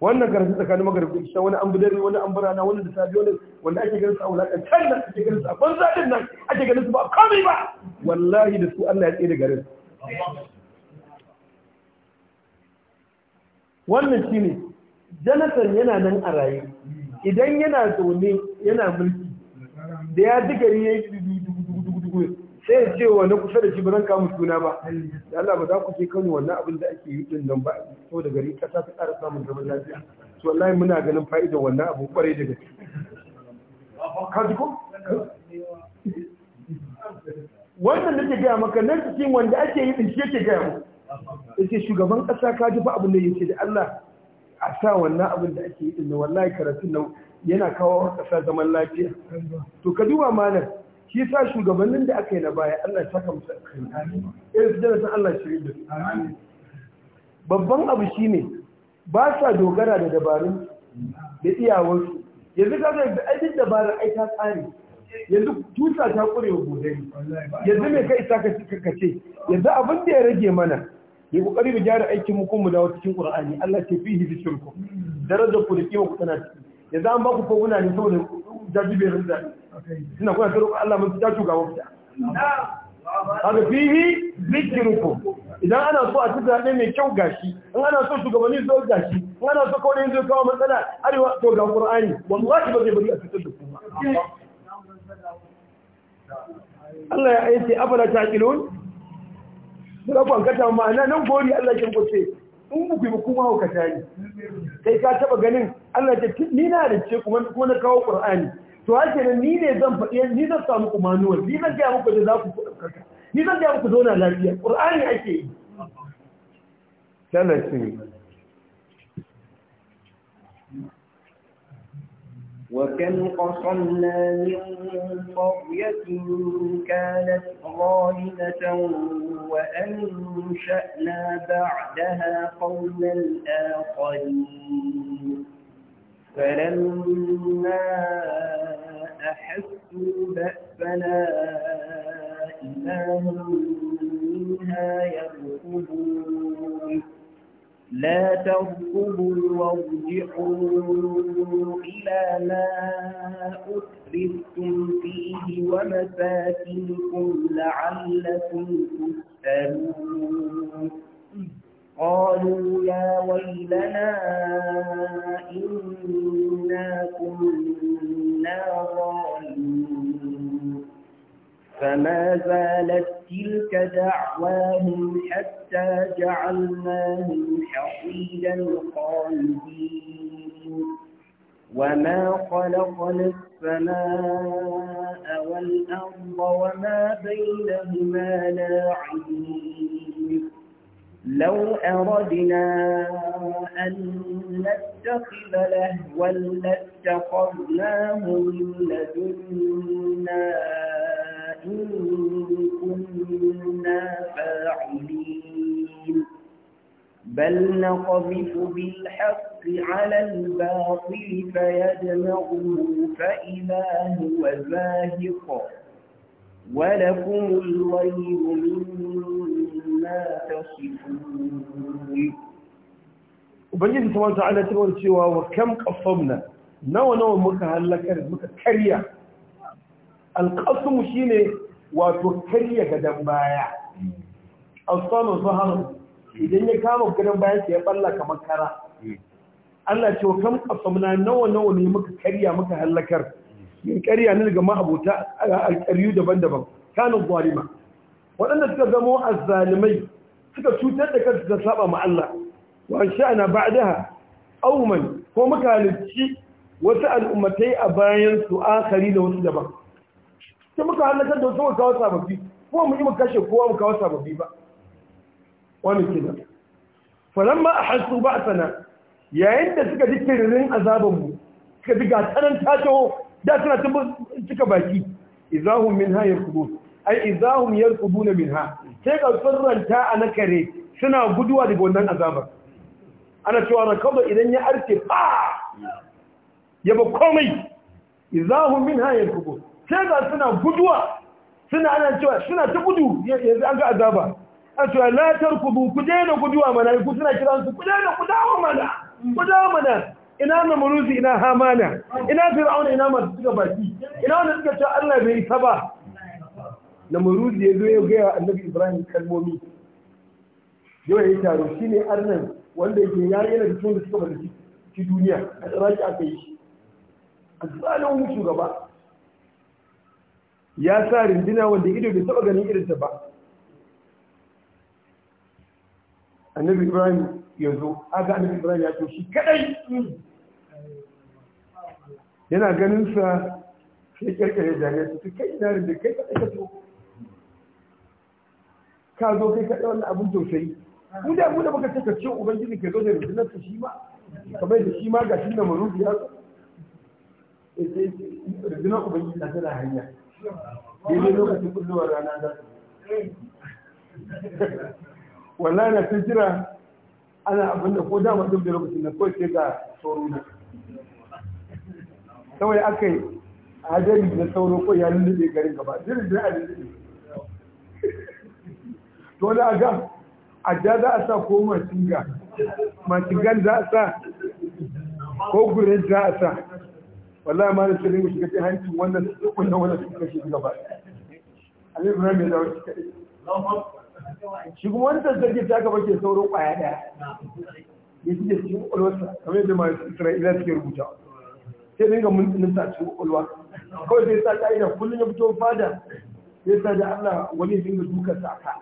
A: wannan karatu tsakanin magarib da wani an budari wani an burana wani da sabi wani wanda ake ganin su a wulakantar nan ake ganin su a banza din nan ake ganin su ba komai ba wallahi da su Allah ya tsere garin wannan shine Jonathan yana nan a raye idan yana zaune yana mulki da ya digari ya yi dubu dubu sai ya ce wani kusa da shi ba zan kama suna ba da Allah ba za ku je kan wannan abin da ake yi din nan ba da gari kasa ta ƙara samun zaman lafiya to wallahi muna ganin fa'ida wannan abu kware daga shi. ka ji ko wannan da ke gaya maka nan cikin wanda ake yi din shi yake gaya mu yake shugaban kasa ka ji ba abin da yake da Allah a sa wannan abin da ake yi din wallahi karatun nan yana kawo kasa zaman lafiya to ka duba malam shi shugabannin da aka yi na baya Allah ya saka musu alkhairi irin su san Allah shiri da babban abu shine ba sa dogara da dabarun da iyawarsu yanzu ka ga da aikin dabarun ai ta tsari yanzu tusa ta kure wa yanzu me kai ta ka cika kace yanzu abin da ya rage mana ya kokari mu gyara aikin mu kuma dawo cikin qur'ani Allah ta fihi shirku darajar ku da kiwa ku tana ciki yanzu an ba ku koguna ne saboda jajiberin zabi suna kuna turu Allah mun fita shuga wafta haka fihi zikirukum idan ana so a ci zaɓe mai kyau gashi in ana so shugabanni zo gashi in ana so kawai zo kawo matsala arewa to ga qur'ani wallahi ba zai bari a fitar da kuma
B: Allah ya aiki afala
A: taqilun sura ku an kata ma'ana nan gori Allah ya kwace, in ku yi kuma hauka tani kai ka taba ganin Allah ya ni na da ce kuma na kawo qur'ani سؤال كده ني ني دم فين ني دم تعمل كمانوال ني دم جابوك ده زاف ني دم جابوك دهنا لاجيا القرآن يحكي كلا شيء
B: وكم قصنا من قرية كانت ظالمة وأنشأنا بعدها قولا آخرين فلما أحسوا بأسنا إذا هم منها يركضون لا تركضوا وارجعوا إلى ما أسرفتم فيه ومفاتنكم لعلكم تسألون قالوا يا ويلنا فما زالت تلك دعواهم حتى جعلناهم حصيدا خالدين وما خلقنا السماء والأرض وما بينهما لاعبين لو أردنا أن نتخذ لهوا لاتخذناه من لدنا كنا فاعلين بل نقذف بالحق على الباطل فيدمغه فإذا هو زاهق
A: ولكم
B: الغيب مما تصفون
A: وبنيت سبحانه وتعالى تقول وكم قصمنا نو نو مكه هلا كريم مكه كريم alƙasumu shi ne wato karya gadon baya su zuhar idan ya kama gadon baya sai ya balla kamar kara Allah ce wa kam ƙasamna nawa nawa ne muka karya muka hallakar yin karya ne daga ma'abuta alƙaryu daban-daban kanin gwalima waɗanda suka zamo azzalimai suka cutar da kansu ta saba ma Allah wa sha'ana ba'daha auman ko muka halicci wasu al'ummatai a bayan su akari da wasu daban sai muka hannakar da wasu kawo sababbi kuma mu yi mu kashe kowa mu kawo sababbi ba wani kenan ma a hasu ba a sana yayin da suka ji tiririn azabanmu suka ji gatanan tato da suna cika baki izahun min ha yarkudu ai izahun yarkudu na min ha sai ga tsirranta a na kare suna guduwa daga wannan azabar ana cewa rakaba idan ya arce ba ya ba komai izahun min ha yarkudu sai ga suna guduwa suna ana cewa suna ta gudu yanzu an ga azaba a cewa la tarkubu ku daina guduwa mana ku suna kira su ku daina ku dawo mana ku dawo mana ina muruzi ina hamana ina fir'auna ina masu suka baki ina wanda suka ce Allah bai isa ba namuruzi ya zo ya ga annabi Ibrahim kalmomi yau ya taro shine arnan wanda yake ya yana da cikin da suka bari ci duniya a tsaraki aka yi a wani shugaba ya sa rindina wanda ido bai taba ganin irinta ba annabi ibrahim ya zo aga annabi ibrahim ya to shi kadai yana ganin sa sai kirkire jami'a su kai ina rinda kai kadai ka to ka zo kai kadai wannan abin tausayi Muda da mu da baka saka ce ubangiji ke zo da rindinar ka shi ma kamar da shi ma ga shi da marubi ya zo eh, rindinar ubangiji na tana hanya
B: daidai lokacin
A: rana sun jira ana abin da ko dama duk da lokacin da kawai ce ga sauro na saboda aka yi hadari na sauro ko ya lullube garin gaba jirin jirin a lullube to da aga adda za a sa ko masinga masingan za a sa ko gurin za a sa wallahi ma da sai mu shiga cikin hancin wannan dukkan wannan suka kashe shi gaba Ali Ibrahim ya dawo shi kadai shi kuma wannan zargi ta gaba ke sauran kwaya daya ya suke cikin kwalwarsa kamar yadda ma Isra'ila suke rubuta sai dinga mun tsinta cikin kwalwa kawai sai sa ka'ida kullum ya fito fada sai sa da Allah wani ya dinga duka sa ka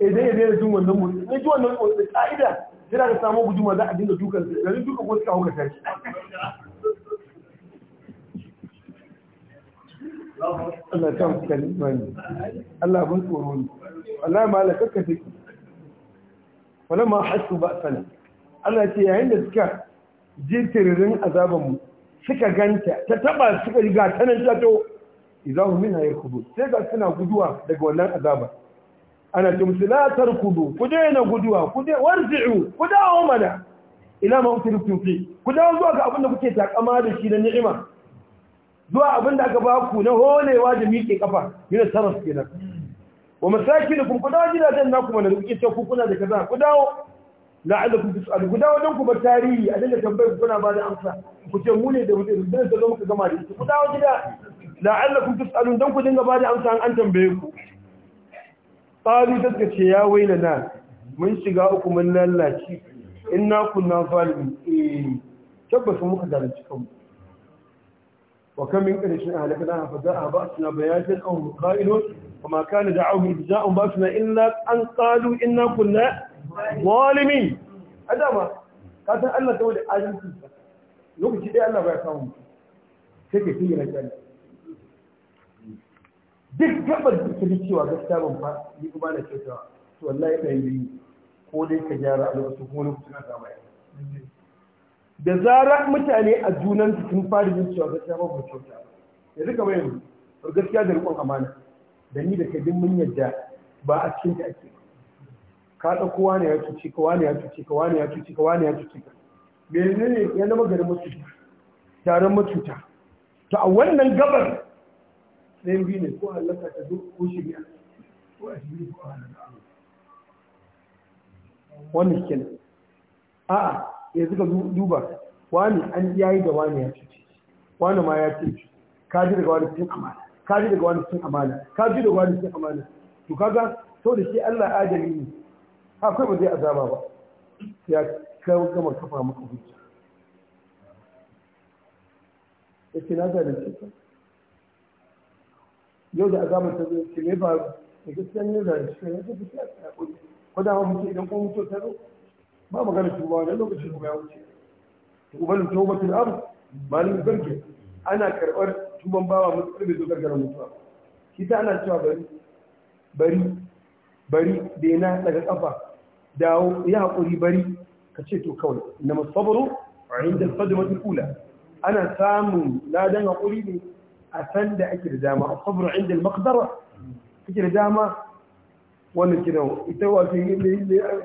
A: idan eh, ya daina jin wannan motsi ne ji wannan motsi ka'ida yana da samun gujuma za a dinga dukan su garin dukan ko suka hauka tashi
B: Allah ta musu kalima ne
A: Allah bin tsoro ne Allah ma kakka take wala ma hasu ba sana Allah ce yayin da suka je tiririn azaban mu suka ganta ta taba suka riga ta nan ta to idan min hayar kudu sai ga suna guduwa daga wannan azaban ana ce musu la tarkudu ku daina guduwa ku daina warzi'u ku dawo mana Ina ma utirtum fi ku dawo zuwa ga abinda da kuke takama da shi na ni'ima zuwa abinda aka ba ku na holewa da miƙe kafa yana sarraf kenan wa masakinukum ku dawo gidajen naku mana da kuke ce ku kuna da kaza ku dawo la'allakum tus'alu ku dawo don ku bar tarihi a dinga tambayar ku kuna ba da amsa ku ce mu ne da mutum da zo muka gama da ku dawo gida la'allakum tus'alun don ku dinga ba da amsa an tambaye ku ƙari ta ce ya waina na mun shiga uku mun lallaci in na kunna zalimi eh tabbas muka zalunci kanmu wa kam min qalishin ahlakna fa za'a ba'suna bayatin aw muqailun وما كان دعوهم إجزاء بأسنا إلا أن قالوا إنا كنا ظالمين هذا ما كانت الله تولي آجل سنسا لوك جدي sai بيساهم كيف يسير الجنة duk gabar da ta cewa gaskiya ban fa ni ba na kyauta to wallahi ɗan yi ko dai ka gyara a lokacin kuma lokacin na ta ya da zarar mutane a junan sun fara yin cewa gaskiya ba ban kyauta ya rika ba gaskiya da riƙon amana da ni da kai duk mun yadda ba a cikin da ake ka ɗauko wani ya cuci ka wani ya cuci ka wani ya cuci ka wani ya cuci ka menene ya zama garin mutu taron mututa to a wannan gabar ɗayan biyu ne ko hallaka ta zo ko shirya ko a shirya ko a Wani wannan kenan a'a ya ka duba wani an yayi da wani ya cuce wani ma ya cuce ka ji daga wani cikin amana ka ji daga wani cikin amana ka ji daga wani cikin amana to kaga to da shi Allah adali ne akwai ba zai azaba ba ya kai gama kafa maka hujja ce na zalunce cikin. yau da azabar ta zai ce mai faru da gaskiyar yau da shi ne ta fi a tsakuri ko da mafi ce idan kuma mutu ta zo ba magana tuba wani lokacin kuma ya wuce ta ubalin taubatin abu malin garke ana karɓar tuban bawa mutu ɗarbe zo gargara mutuwa shi ta ana cewa bari bari bari daina daga ƙafa dawo ya haƙuri bari ka ce to kawai na musabaru a inda sadamatin kula ana samun ladan haƙuri ne a san da ake da dama a sabru inda al-maqdara kake da dama wannan kidan ita wato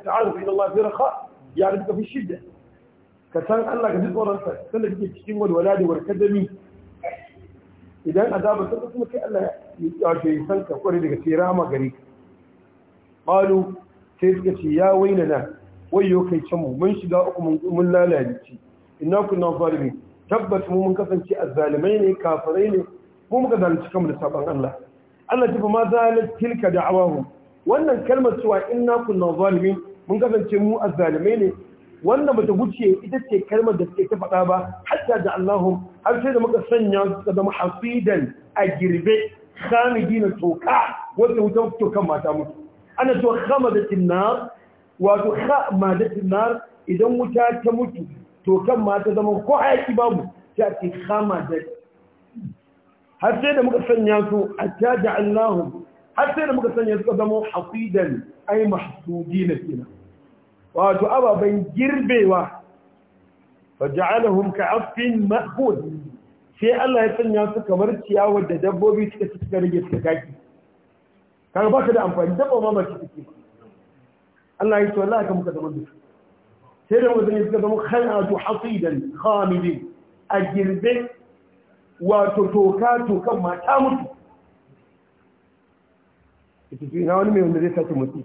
A: ta'aruf ila Allah fi raha ya rubuta fi shidda ka san Allah ka ji tsoron sa sanda kake cikin walwala da warkadami idan azaba ta kuma kai Allah ya ce san ka kware daga tirama gare ka qalu sai suka ce ya wainana wayyo kai can mu mun shiga uku mun lalace inna kunna zalimin tabbata mu mun kasance azzalimai ne kafirai ne mu muka zalunci kanmu da saban Allah Allah tafi ma zalat tilka da'awahu wannan kalmar cewa inna kunna zalimin mun kasance mu azzalimai ne wannan bata wuce ita ce kalmar da suke ta faɗa ba hatta da Allah har sai da muka sanya su zama hasidan a girbe khamidina toka wanda wutan mata mutu ana cewa khamadatin nar wato khamadatin nar idan wuta ta mutu to kan ma ta zama ko hayaki babu ta ake kama da har sai da muka sanya su a jaja Allahun har sai da muka sanya suka zama haƙidan ai mahsudi na kina wato ababen girbewa fa ja'alahum ka'affin ma'kud sai Allah ya sanya su kamar ciyawa da dabbobi suka ci suka rage suka kaki kaga baka da amfani dabba ma ba ci take ba Allah ya ce wallahi ka muka zama duka sai da wanda suka zama khanatu hasidan khamidin a girbe wato toka tokan mata mutu ita ce na wani mai wanda zai sace mutu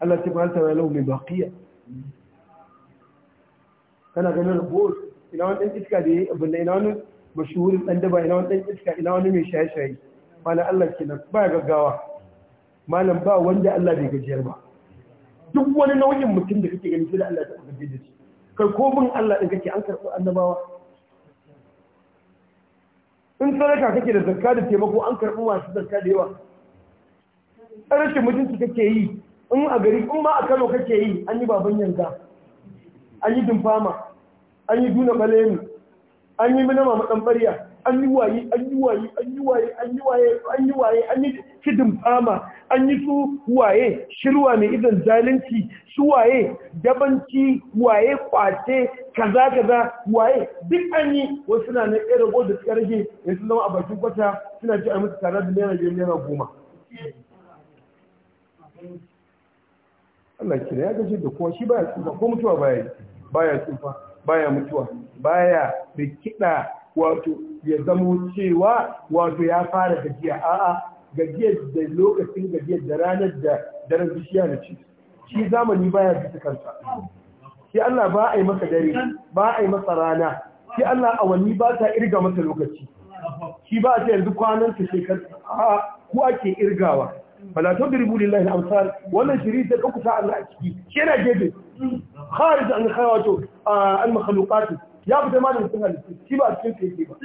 A: Allah ce ba ta lau mai baqiya kana ganin rabuwar ina wani ɗan iska da ya yi abin da ina wani mashuhurin ɗan daba ina wani ɗan iska ina wani mai shaye-shaye malam Allah ke nan ba gaggawa malam ba wanda Allah bai gajiyar ba duk wani nau'in mutum da kake gani sai da Allah ta karbe da shi kai ko bin Allah din kake an karɓi annabawa in sadaka kake da zakka da taimako an karɓi masu zakka da yawa rashin mutunci kake yi in a gari in ba a Kano kake yi an yi baban yanka an yi dumfama an yi duna balemi an yi mina mama bariya an yi waye an yi waye an yi waye an yi waye an yi waye an yi kidin fama an yi su waye shirwa mai idan zalunci su waye dabanci waye kwace kaza kaza waye duk an yi wasu na na ƙera ko da suka rage yanzu zama a bakin kwata suna ci a mutu tare da naira biyar naira goma Allah kira ya gaji da kowa shi baya tsufa ko mutuwa baya baya tsufa baya mutuwa baya rikida wato ya zamo cewa wato ya fara gajiya a'a gajiyar da lokacin gajiyar da ranar da daren bishiya na ci shi zamani baya bisa kansa shi Allah ba a yi masa dare ba a yi masa rana shi Allah awanni ba ta irga masa lokaci shi ba a ce yanzu kwanan ta shekar a ku ake irgawa falatun da ribu lillahi amsal wannan shiri da ɗaukuta Allah a ciki shi yana gefe kharij an khawato al makhluqat ya fita ma da mutum halittu shi ba cikin ka ba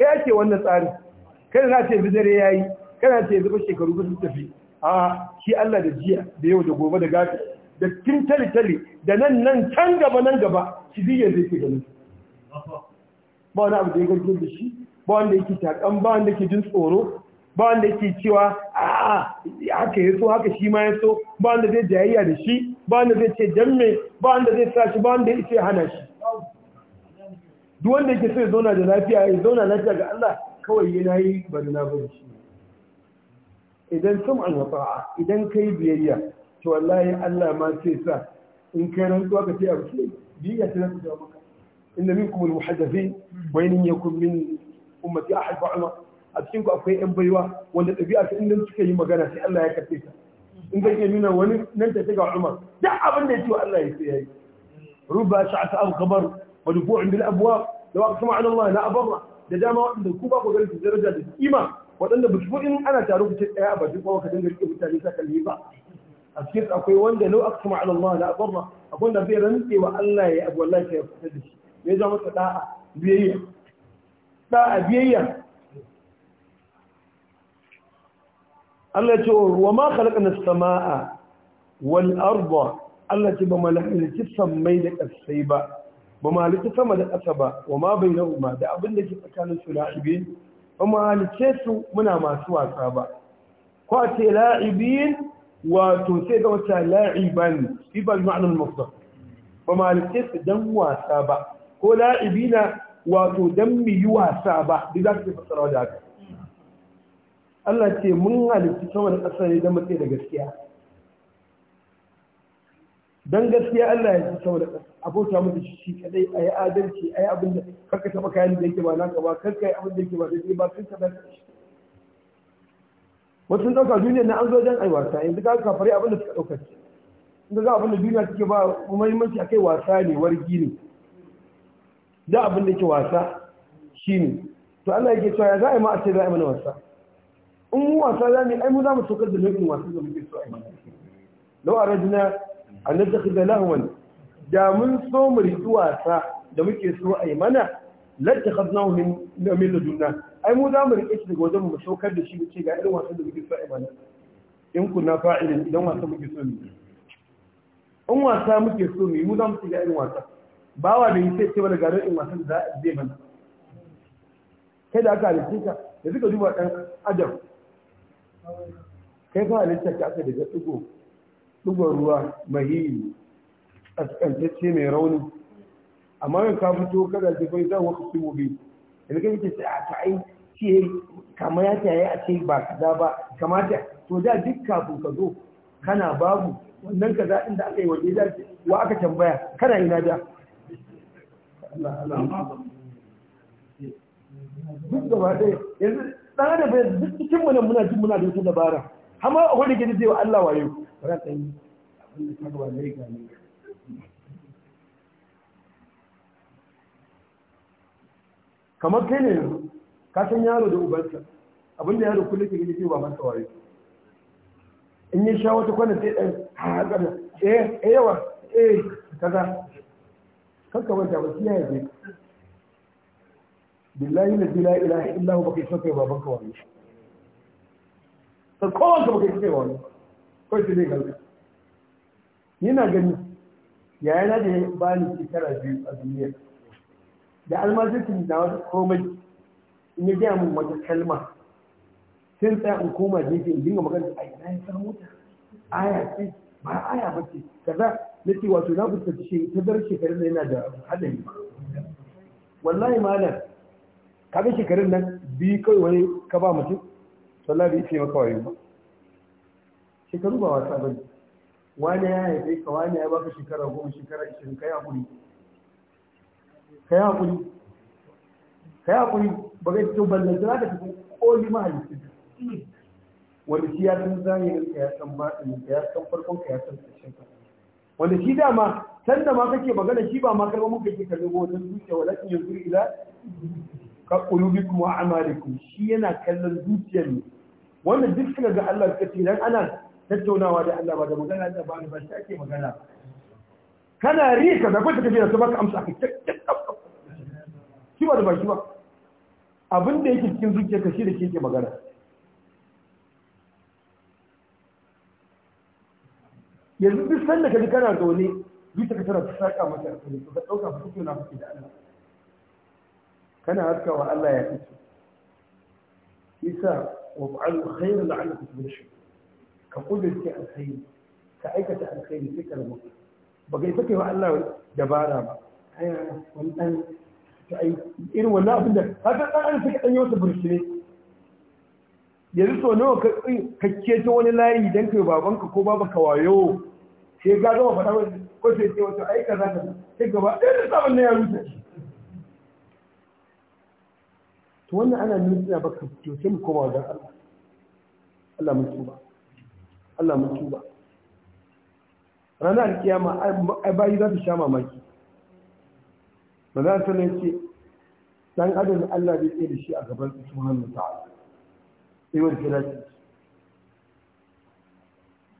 A: kai ake wannan tsarin kai na ce yanzu dare yayi kana ce yanzu ba shekaru ba sun tafi a shi Allah da jiya da yau da gobe da gafi da tun tali tali da nan nan can gaba nan gaba shi zai zai ke ganin ba wani abu da ya gargin da shi ba wanda yake takan ba wanda yake jin tsoro ba wanda yake cewa a haka ya so haka shi ma ya so ba wanda zai jayayya da shi ba wanda zai ce jamme, ba wanda zai sa shi ba wanda ya ce hana shi duk wanda yake so ya zauna da lafiya ya zauna lafiya ga Allah kawai yana yi bari na bari shi idan sun an wata'a idan kai biyayya to wallahi Allah ma sai sa in kai rantsuwa ka ce abu ce biyayya ta rantsuwa maka inna minkum almuhaddathin wa ya yakun min ummati ahad fa'ala a cikin ku akwai yan baiwa wanda ɗabi'a ta inda suka yi magana sai Allah ya karfe ta in zai iya nuna wani nan ta ga Umar duk abin da ya ce Allah ya sai yi ruba sha'ata al-khabar wa dubu'un bil abwab da wa kuma an Allah na abarra da dama waɗanda ku ba ku ganin su daraja da kima waɗanda ba su in ana taro ku ce ɗaya ba bakin kuma ka dinga mutane ta kalli ba a cikin akwai wanda lau aka kuma an Allah na abarra akwai wanda zai rantse wa Allah ya yi abu wallahi ya fita da shi ya zama masa da'a biyayya da'a biyayya Allah ce wa ma khalaqna as-samaa wal arda Allah ce ba mala'ikatu sammai da kasai ba ba mu halitta sama da ƙasa ba wa ma bai na'uma da abinda ke tsakanin su la'ibin ba mu halice su muna masu wasa ba kwa ce la'ibin wato sai ga wata la'iban ibal ma'anar mafi ba mu halice su don wasa ba ko la'ibina wato don mu yi wasa ba duk za su ke fasara da haka Allah ce mun halittu sama da ƙasa ne don matsayi da gaskiya don gaskiya Allah ya ji saboda ƙasa abota mu da shi kadai a yi adalci a yi abin da karka taɓa kayan da yake ba ka ba karka yi abin da yake ba da ba sun ka zaka shi wasu ɗauka duniya na an zo wajen ai wasa yanzu ka ka fare abin da suka ɗauka ce inda za abin da duniya suke ba muhimmanci akai wasa ne wargi ne da abin da yake wasa shine to Allah yake cewa ya za a yi ma a ce za a yi mana wasa in mu wasa za mu ai mu za mu sokar da nau'in wasa da muke so a yi mana lau a rajina an nattakhidha lahwan da mun so mu riƙi wasa da muke so ai mana lattakhadnahu min min ladunna ai mu za mu rike shi daga wajen mu saukar da shi mu ce ga irin wasan da muke so ai mana in kunna fa'ilin idan wasa muke so mu in wasa muke so mu mu za mu ce ga irin wasa ba wa da yake da daga irin wasan da zai mana kai da aka halitta ka da suka duba ɗan adam kai fa halitta ka aka daga tsugo ɗugon ruwa mahiyi askantacce mai rauni amma yin ka fito kada jifai za wa su mubi da kai ke a ah, ta ai ce kama ya ta yi a ce ba kaza ba kamata to da duk kafin ka zo kana babu wannan ka za inda aka yi waje da wa aka tambaya kana ina da duk ɗaya yanzu ɗan adam bai duk cikin muna jin muna da wata dabara amma a wani gidi zai wa Allah wayo ba ka yi abin da ta gaba zai gane kamar kai ne ka san yaro da ubansa da yaro kullum ke gani ke ba masa wayo in sha wata kwanan sai ɗan haƙar eh, eh yawa eh kaza kanka wanda ba siya ya billahi na ilaha illahu baka sokai babanka wani sai kowanka baka yi sokai wani kawai sai ne ni na gani yayana da ya bani shekara biyu a duniya da almajirkin da wata komai in ya gaya min wata kalma sun tsaya in koma jiki in dinga magana a ina ya samu ta aya ce ba aya ba ce kaza na ce wato na fuskanci shi ta zar shekarun yana da haɗari wallahi malam kaga shekarun nan biyu kawai wani ka ba mutum sallah bai ce maka wayo ba shekaru ba wasa bane wani ya haife ka wani ya baka shekara goma shekara ishirin kai hakuri kai hakuri kai hakuri ba ga cikin ballon za ka tafi koli mahalicin wanda shi ya san ne ka ya san batinin ka ya san farkon ka ya san ƙarshen ka wanda shi dama san da ma kake magana shi ba ma karɓar muka ke kalli ba wajen zuciya wala in yanzu ila ka qulubikum wa Amalikun shi yana kallon zuciya ne wannan duk suka ga Allah suka ce dan ana tattaunawa da Allah ba da magana da ba ni ba shi ake magana kana ri ka zafi ta tafiya su baka amsa ka shi ba da ba shi ba abin da yake cikin zuciya ka shi da shi yake magana yanzu duk sanda ka ji kana zaune duk ka tana ta saka maka a kai ka dauka ka tattauna kake da Allah kana haskawa Allah ya fice isa wa ba'al khairu la'allakum tuflihun ka kudurce alkhairi ka aikata alkhairi sai ka rabu ba kai sake wa Allah dabara ba aya wani dan to ai irin wannan abin da haka dan an suka dan yi wasu burshine yanzu so nawa ka ka kece wani layi dan kai babanka ko babanka wayo sai ga zama fada ko sai ce wato ai kaza kaza sai gaba irin sabon ne ya rusa shi to wannan ana nuna baka to sai mu koma ga Allah Allah mun tuba Allah mun tuba ranar kiyama ai bayi za su sha mamaki ba za ta ne ce dan adam Allah bai tsaye da shi a gaban su subhanahu ta'ala sai wani kira shi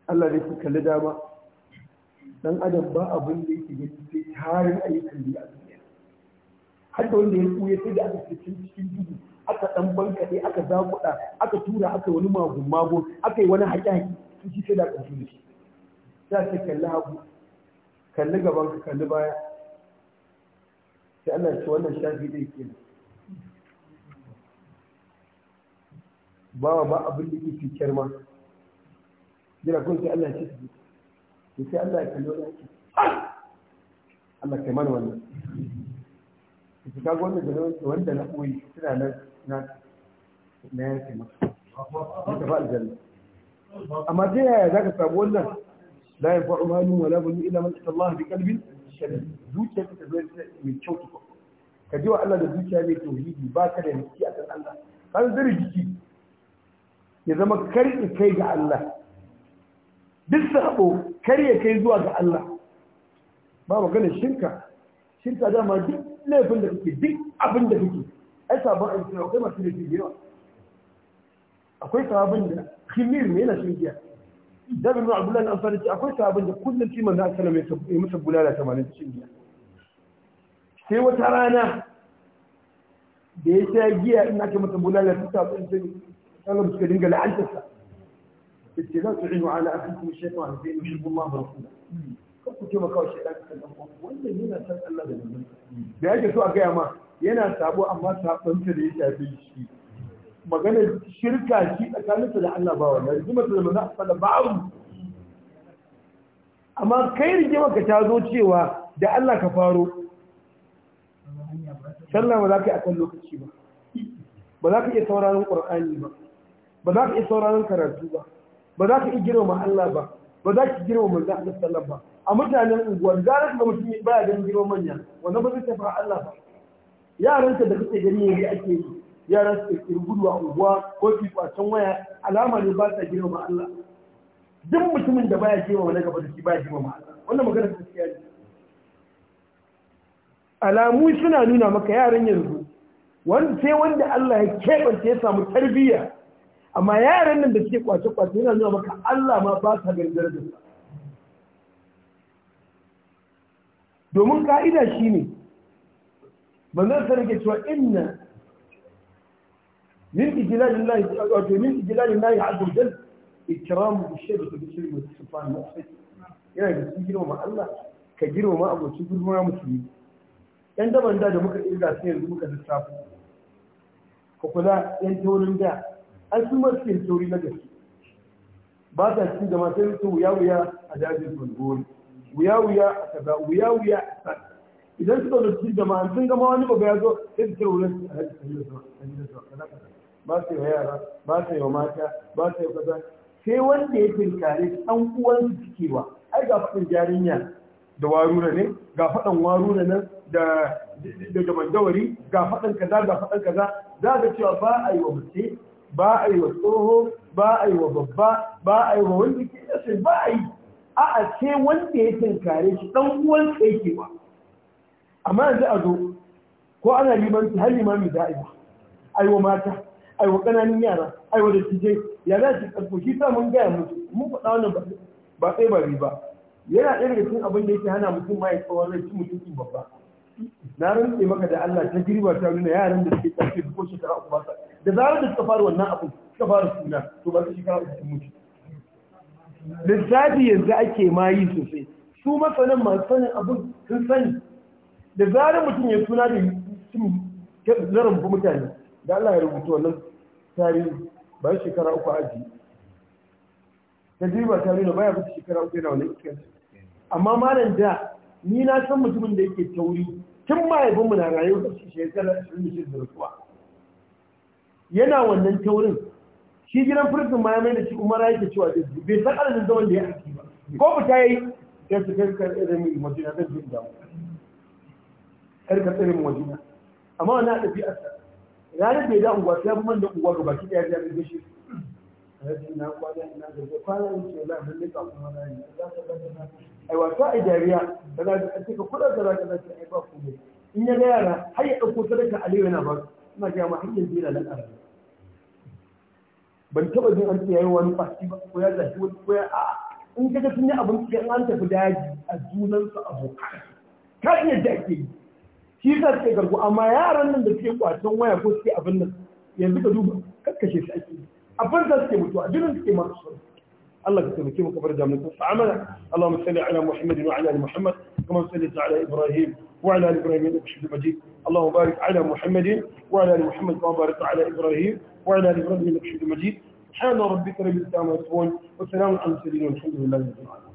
A: Allah bai kalli dama dan adam ba abin da yake gani sai tarin ayyukan da aka yi har da wanda ya kuye sai da aka cikin cikin dubu aka dan bankaɗe aka zakuɗa aka tura aka wani magun magun aka yi wani haƙe-haƙe ciki sai da ƙarfi da shi sai ce kalli hagu kalli gaban ka kalli baya sai Allah ya ce wannan shafi dai ke ba ba abin da yake kyar ma jira kun sai Allah ya ce su sai Allah ya kalli wannan ah! Allah kai mana wannan su kaga wannan da na koyi suna nan na na yanke masa ba ba amma ta yaya za ka samu wannan la ya fa'u hannu wa la bunyi ila man Allah bi qalbin shadid zuciya ta zo mai kyau ta ka ji wa Allah da zuciya mai tauhidi ba ka da rikici a kan Allah kan zira jiki. ya zama karki kai ga Allah duk sabo karye kai zuwa ga Allah ba magana shirka shirka dama duk laifin da kake duk abin da kake ai sabon aiki kai masu laifi da yawa akwai sahabin da khimir ne yana shan giya jabir bin abdullah na ansari ce akwai sahabin da kullum shi manzo sallallahu alaihi wasallam ya musa bulala 80 cikin giya sai wata rana da ya sha giya ina aka mata bulala ta sa sun sun sallam suka dinga la'antarsa yace za su inu ala akhikum shaytan fa inna shirku Allah wa rasulahu ku ce maka shi dan kan dan wannan yana san Allah da manzon da yake so a gaya ma yana sabo amma sabon da ya shafi shi maganar shirka shi tsakaninsa da Allah ba wannan rigimar da manzo Allah babu amma kai rigimar ka ta zo cewa da Allah ka faro sallah ba za ka yi akan lokaci ba ba za ka iya sauraron qur'ani ba ba za ka iya sauraron karatu ba ba za ka iya girma Allah ba ba za ka girma manzo Allah sallallahu ba a mutanen unguwar zarar da mutum baya ganin girman manya wannan ba zai tafi Allah ba yaranka da kake gani ne ake yi yara su kirkiri gudu a unguwa ko su waya alama ne ba sa ma Allah duk mutumin da baya gina wani gaba da shi baya ma Allah wannan magana ta gaskiya ne alamu suna nuna maka yaran yanzu wanda sai wanda Allah ya kebance ya samu tarbiyya amma yaran nan da suke kwace kwace yana nuna maka Allah ma ba sa da su. domin ka'ida shine manzon sarki cewa inna من إجلال الله من إجلال الله عز وجل إكرام الشيء بتسلم سبحان مؤسس يعني بتجيله مع الله كجيله مع أبو تجيله مع مسلم عندما عندنا جمك إلى سير جمك السلام كفلا ينتهون عندها أسمع سير توري لك بعد أسمع جماعة تقول ويا ويا أجازي بنقول ويا ويا كذا ويا ويا إذا أنت تقول جماعة أنت جماعة نبغى بيعزو تقول ولا هذا هذا هذا هذا هذا ba su yi wa yara ba su yi wa mata ba su yi wa kaza sai wanda ya tinkare ɗan uwan cikewa ai ga faɗin jarinya da warura ne ga faɗan warura nan da da jamandawari ga faɗan kaza ga faɗan kaza za ga cewa ba a yi wa mutum, ba a yi wa tsoho ba a yi wa babba ba a yi wa wanda ke yasa ba a yi a a ce wanda ya tinkare shi ɗan uwan yake amma yanzu a zo ko ana limanci har limami da'iwa a yi wa mata aiwa ƙananin ƙananan yara aiwa da cije ya za su ƙarfi shi sa mun gaya musu mun faɗa wannan ba sai ba ba yana ɗaya daga cikin abin da yake hana mutum ma ya tsawo rai cin mutum babba na rantse maka da Allah ta girba ta nuna yaran da suke ƙarfi ko shekara uku ba da zarar da suka fara wannan abu suka fara suna to ba su shekara uku sun mutu lissafi yanzu ake ma yi sosai su masanin masu sanin abin sun sani da zarar mutum ya suna da cin zarar mutane da Allah ya rubuta wannan tarihi bayan shekara uku aji ta ba tarihi baya fi shekara uku yana wani iskar amma malam da ni na san mutumin da yake tauri tun mahaifinmu na rayuwa da shi shekara 26 da rasuwa yana wannan taurin shi gidan firsin ma ya mai da shi rayu yake cewa da bai san adadin zaman da ya aiki ba ko fita yayi da su kai kar irin majina zan jin damu ka tsirin majina amma a ɗabi'arsa ranar da ya da unguwa sai man da unguwa gaba ki da ya ga gashi. rashin na kwana ina da ga kwana in ce la mun nika kuma na yi za ka ga na ai wasa ai dariya da za ka cika kudin da za ka ai ba ku ne in ya ga yara har ya dauko sadaka aliyu yana ba ina ga ma hanyar dina nan arabi ban taba jin an tsaye wani fasi ba ko ya zaci wani ko ya a in kaga sun yi abin da an tafi daji a junansu abokan ka iya da shi sa suke amma yaran nan da suke kwacen waya ko suke abin nan yanzu ka duba kakkashe shi ake abin da suke mutuwa jinin suke masu sun الله كتب كيف كبر جامعة فعمل اللهم صل على محمد وعلى آل محمد كما صليت على إبراهيم وعلى آل إبراهيم إنك حميد مجيد اللهم بارك على محمد وعلى آل محمد كما باركت على إبراهيم وعلى آل إبراهيم إنك حميد مجيد سبحان ربك رب العزة عما وسلام على المرسلين والحمد لله رب العالمين